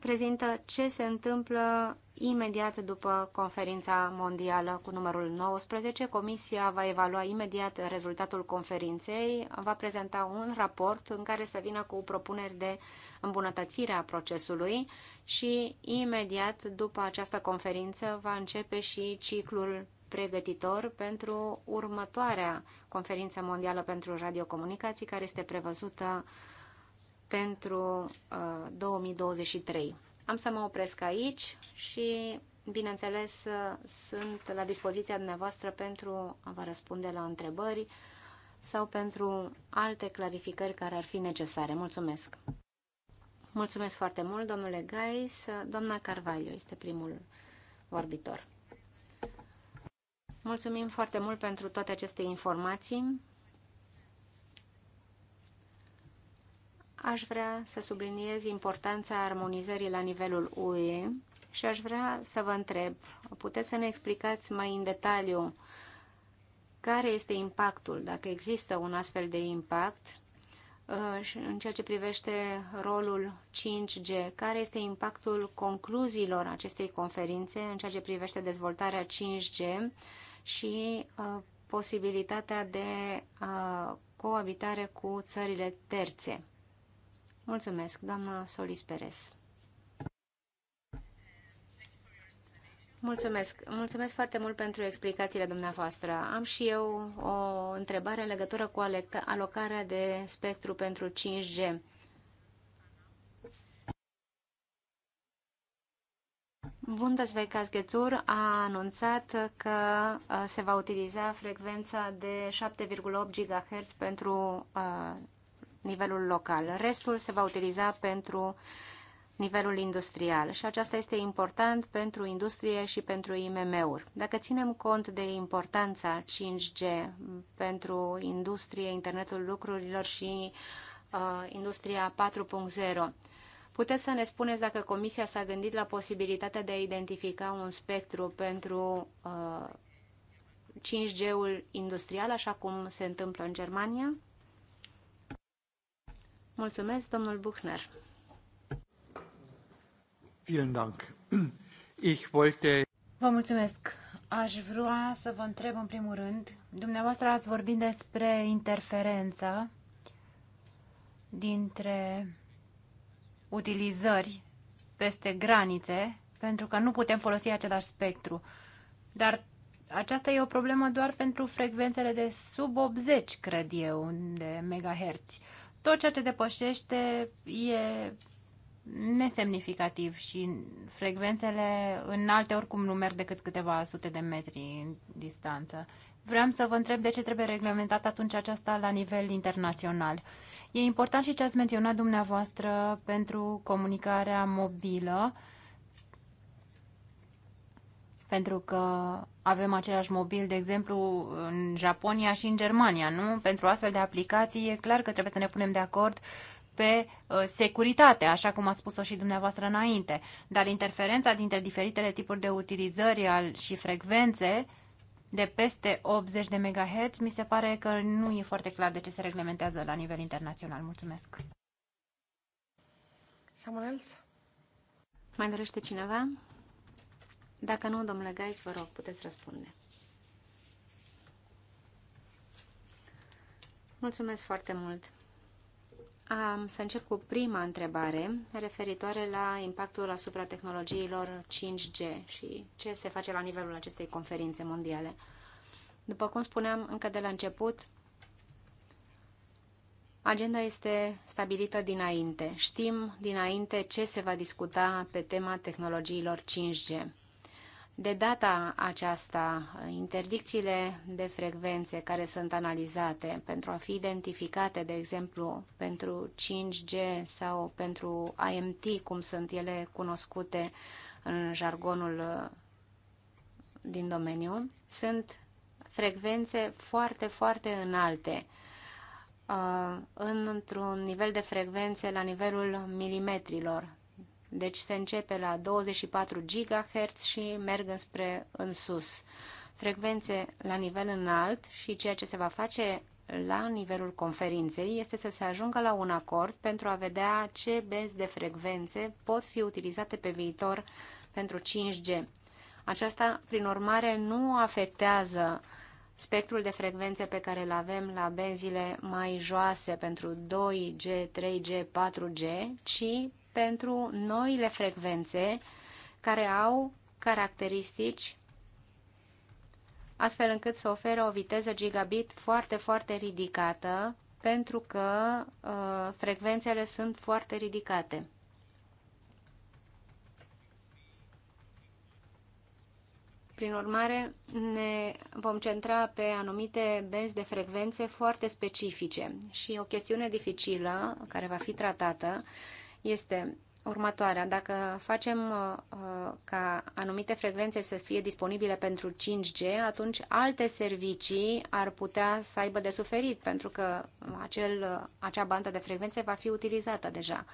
prezintă ce se întâmplă imediat după conferința mondială cu numărul 19. Comisia va evalua imediat rezultatul conferinței, va prezenta un raport în care să vină cu propuneri de îmbunătățire a procesului și imediat după această conferință va începe și ciclul pregătitor pentru următoarea conferință mondială pentru radiocomunicații care este prevăzută pentru uh, 2023. Am să mă opresc aici și, bineînțeles, uh, sunt la dispoziția dumneavoastră pentru a vă răspunde la întrebări sau pentru alte clarificări care ar fi necesare. Mulțumesc! Mulțumesc foarte mult, domnule Gais. Doamna Carvalho este primul vorbitor. Mulțumim foarte mult pentru toate aceste informații. aș vrea să subliniez importanța armonizării la nivelul UE și aș vrea să vă întreb, puteți să ne explicați mai în detaliu care este impactul, dacă există un astfel de impact, uh, în ceea ce privește rolul 5G, care este impactul concluziilor acestei conferințe în ceea ce privește dezvoltarea 5G și uh, posibilitatea de uh, coabitare cu țările terțe. Mulțumesc, doamna Solis Perez. Mulțumesc. Mulțumesc foarte mult pentru explicațiile dumneavoastră. Am și eu o întrebare în legătură cu alocarea de spectru pentru 5G. Bundeswehrkasgetur a anunțat că uh, se va utiliza frecvența de 7,8 GHz pentru uh, nivelul local. Restul se va utiliza pentru nivelul industrial și aceasta este important pentru industrie și pentru IMM-uri. Dacă ținem cont de importanța 5G pentru industrie, internetul lucrurilor și uh, industria 4.0, Puteți să ne spuneți dacă Comisia s-a gândit la posibilitatea de a identifica un spectru pentru uh, 5G-ul industrial, așa cum se întâmplă în Germania? Mulțumesc, domnul Buchner. Vielen Dank. Ich wollte... Vă mulțumesc. Aș vrea să vă întreb în primul rând, dumneavoastră ați vorbit despre interferența dintre utilizări peste granițe, pentru că nu putem folosi același spectru. Dar aceasta e o problemă doar pentru frecvențele de sub 80, cred eu, de megahertz. Tot ceea ce depășește e nesemnificativ și frecvențele în alte oricum nu merg decât câteva sute de metri în distanță. Vreau să vă întreb de ce trebuie reglementat atunci aceasta la nivel internațional. E important și ce ați menționat dumneavoastră pentru comunicarea mobilă, uh, pentru că avem același mobil, de exemplu, în Japonia și în Germania, nu? Pentru astfel de aplicații e clar că trebuie să ne punem de acord pe uh, securitate, așa cum a spus-o și dumneavoastră înainte. Dar interferența dintre diferitele tipuri de utilizări al și frecvențe de peste 80 de MHz, mi se pare că nu e foarte clar de ce se reglementează la nivel internațional. Mulțumesc! Samuel? Mai dorește cineva? Dacă nu, domnule Gais, vă rog, puteți răspunde. Mulțumesc foarte mult! Am să încep cu prima întrebare referitoare la impactul asupra tehnologiilor 5G și ce se face la nivelul acestei conferințe mondiale. După cum spuneam încă de la început, agenda este stabilită dinainte. Știm dinainte ce se va discuta pe tema tehnologiilor 5G. De data aceasta, interdicțiile de frecvențe care sunt analizate pentru a fi identificate, de exemplu, pentru 5G sau pentru IMT, cum sunt ele cunoscute în jargonul uh, din domeniu, sunt frecvențe foarte, foarte înalte, uh, într-un nivel de frecvențe la nivelul milimetrilor deci se începe la 24 GHz și merg înspre în sus. Frecvențe la nivel înalt și ceea ce se va face la nivelul conferinței este să se ajungă la un acord pentru a vedea ce benzi de frecvențe pot fi utilizate pe viitor pentru 5G. Aceasta, prin urmare, nu afectează spectrul de frecvențe pe care îl avem la benzile mai joase pentru 2G, 3G, 4G, ci pentru noile frecvențe care au caracteristici astfel încât să oferă o viteză gigabit foarte, foarte ridicată, pentru că uh, frecvențele sunt foarte ridicate. Prin urmare, ne vom centra pe anumite benzi de frecvențe foarte specifice și o chestiune dificilă care va fi tratată este următoarea. Dacă facem uh, ca anumite frecvențe să fie disponibile pentru 5G, atunci alte servicii ar putea să aibă de suferit, pentru că acel, uh, acea bandă de frecvențe va fi utilizată deja.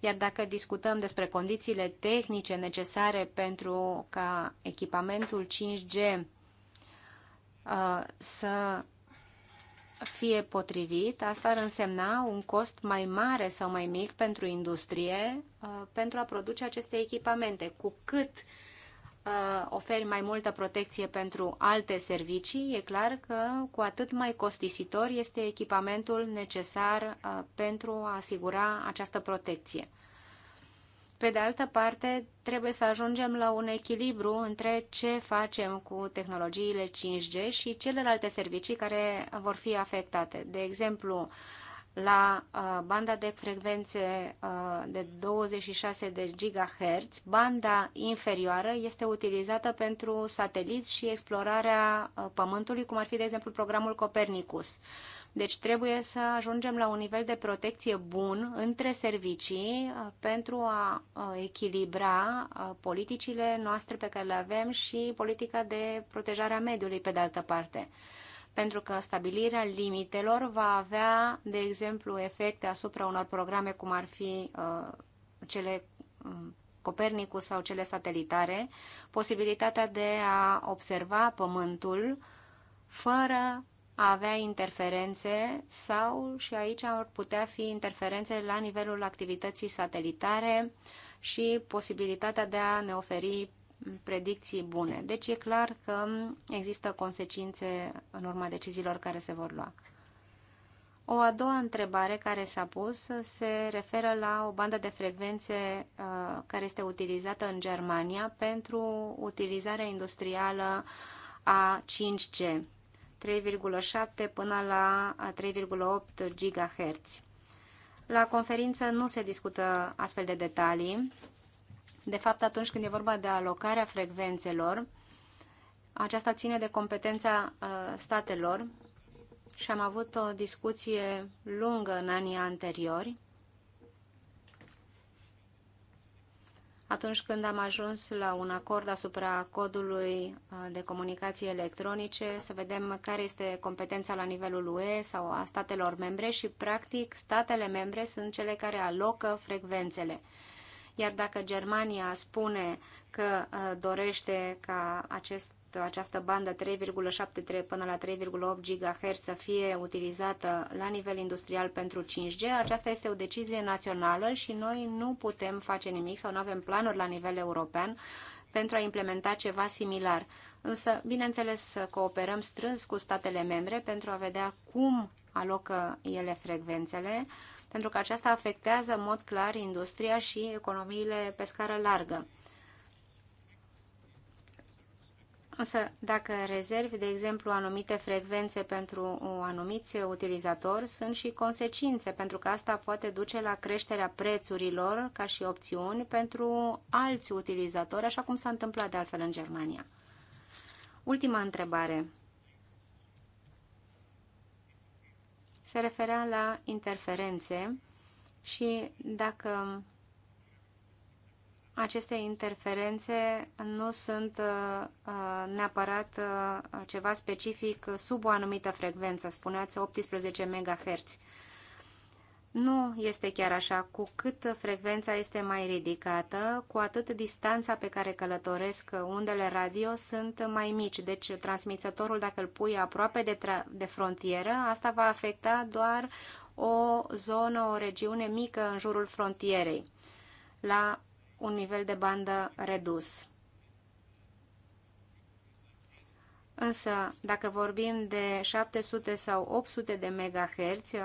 Iar dacă discutăm despre condițiile tehnice necesare pentru ca echipamentul 5G uh, să fie potrivit, asta ar însemna un cost mai mare sau mai mic pentru industrie uh, pentru a produce aceste echipamente. Cu cât uh, oferi mai multă protecție pentru alte servicii, e clar că cu atât mai costisitor este echipamentul necesar uh, pentru a asigura această protecție. Pe de altă parte, trebuie să ajungem la un echilibru între ce facem cu tehnologiile 5G și celelalte servicii care vor fi afectate. De exemplu, la uh, banda de frecvențe uh, de 26 de GHz, banda inferioară este utilizată pentru sateliți și explorarea uh, Pământului, cum ar fi, de exemplu, programul Copernicus. Deci trebuie să ajungem la un nivel de protecție bun între servicii uh, pentru a uh, echilibra uh, politicile noastre pe care le avem și politica de protejare a mediului pe de altă parte pentru că stabilirea limitelor va avea, de exemplu, efecte asupra unor programe cum ar fi cele um, Copernicus sau cele satelitare, posibilitatea de a observa Pământul fără a avea interferențe sau și aici ar putea fi interferențe la nivelul activității satelitare și posibilitatea de a ne oferi predicții bune. Deci e clar că există consecințe în urma deciziilor care se vor lua. O a doua întrebare care s-a pus se referă la o bandă de frecvențe uh, care este utilizată în Germania pentru utilizarea industrială a 5G. 3,7 până la 3,8 GHz. La conferință nu se discută astfel de detalii. De fapt, atunci când e vorba de alocarea frecvențelor, aceasta ține de competența uh, statelor și am avut o discuție lungă în anii anteriori atunci când am ajuns la un acord asupra codului uh, de comunicații electronice, să vedem care este competența la nivelul UE sau a statelor membre și, practic, statele membre sunt cele care alocă frecvențele. Iar dacă Germania spune că uh, dorește ca acest această bandă 3,73 până la 3,8 GHz să fie utilizată la nivel industrial pentru 5G, aceasta este o decizie națională și noi nu putem face nimic sau nu avem planuri la nivel european pentru a implementa ceva similar. Însă, bineînțeles, cooperăm strâns cu statele membre pentru a vedea cum alocă ele frecvențele, pentru că aceasta afectează în mod clar industria și economiile pe scară largă. Însă, dacă rezervi, de exemplu, anumite frecvențe pentru anumiți utilizatori, sunt și consecințe, pentru că asta poate duce la creșterea prețurilor ca și opțiuni pentru alți utilizatori, așa cum s-a întâmplat de altfel în Germania. Ultima întrebare. Se referea la interferențe și dacă aceste interferențe nu sunt uh, uh, neapărat uh, ceva specific sub o anumită frecvență, spuneați 18 MHz. Nu este chiar așa. Cu cât frecvența este mai ridicată, cu atât distanța pe care călătoresc undele radio sunt mai mici. Deci transmițătorul, dacă îl pui aproape de, de frontieră, asta va afecta doar o zonă, o regiune mică în jurul frontierei. La un nivel de bandă redus. Însă, dacă vorbim de 700 sau 800 de MHz, uh,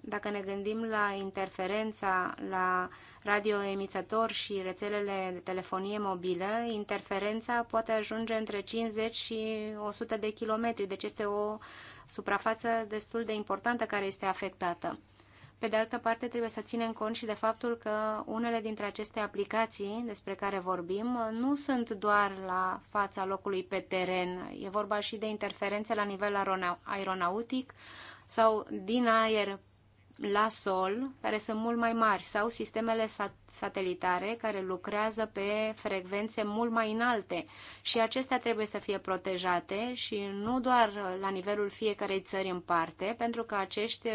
dacă ne gândim la interferența la radioemițător și rețelele de telefonie mobilă, interferența poate ajunge între 50 și 100 de kilometri, deci este o suprafață destul de importantă care este afectată. Pe de altă parte, trebuie să ținem cont și de faptul că unele dintre aceste aplicații despre care vorbim nu sunt doar la fața locului pe teren. E vorba și de interferențe la nivel aeronautic sau din aer la sol, care sunt mult mai mari, sau sistemele satelitare care lucrează pe frecvențe mult mai înalte. Și acestea trebuie să fie protejate și nu doar la nivelul fiecarei țări în parte, pentru că acești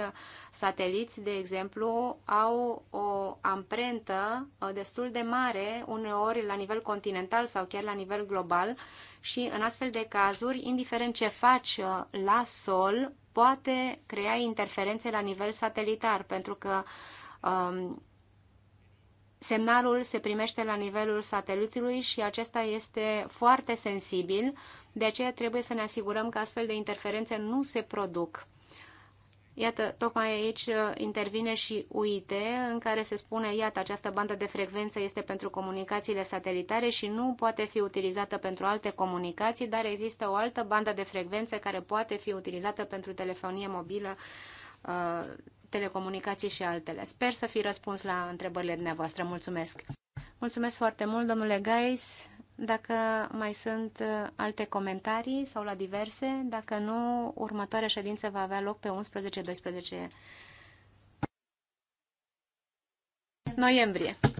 sateliți, de exemplu, au o amprentă uh, destul de mare, uneori la nivel continental sau chiar la nivel global, și în astfel de cazuri, indiferent ce faci uh, la sol, poate crea interferențe la nivel satelitar, pentru că um, semnalul se primește la nivelul satelitului și acesta este foarte sensibil, de aceea trebuie să ne asigurăm că astfel de interferențe nu se produc. Iată, tocmai aici uh, intervine și UIT, în care se spune, iată, această bandă de frecvență este pentru comunicațiile satelitare și nu poate fi utilizată pentru alte comunicații, dar există o altă bandă de frecvență care poate fi utilizată pentru telefonie mobilă, uh, telecomunicații și altele. Sper să fi răspuns la întrebările dumneavoastră. Mulțumesc! Mulțumesc foarte mult, domnule Gais. Dacă mai sunt uh, alte comentarii sau la diverse, dacă nu, următoarea ședință va avea loc pe 11-12 noiembrie.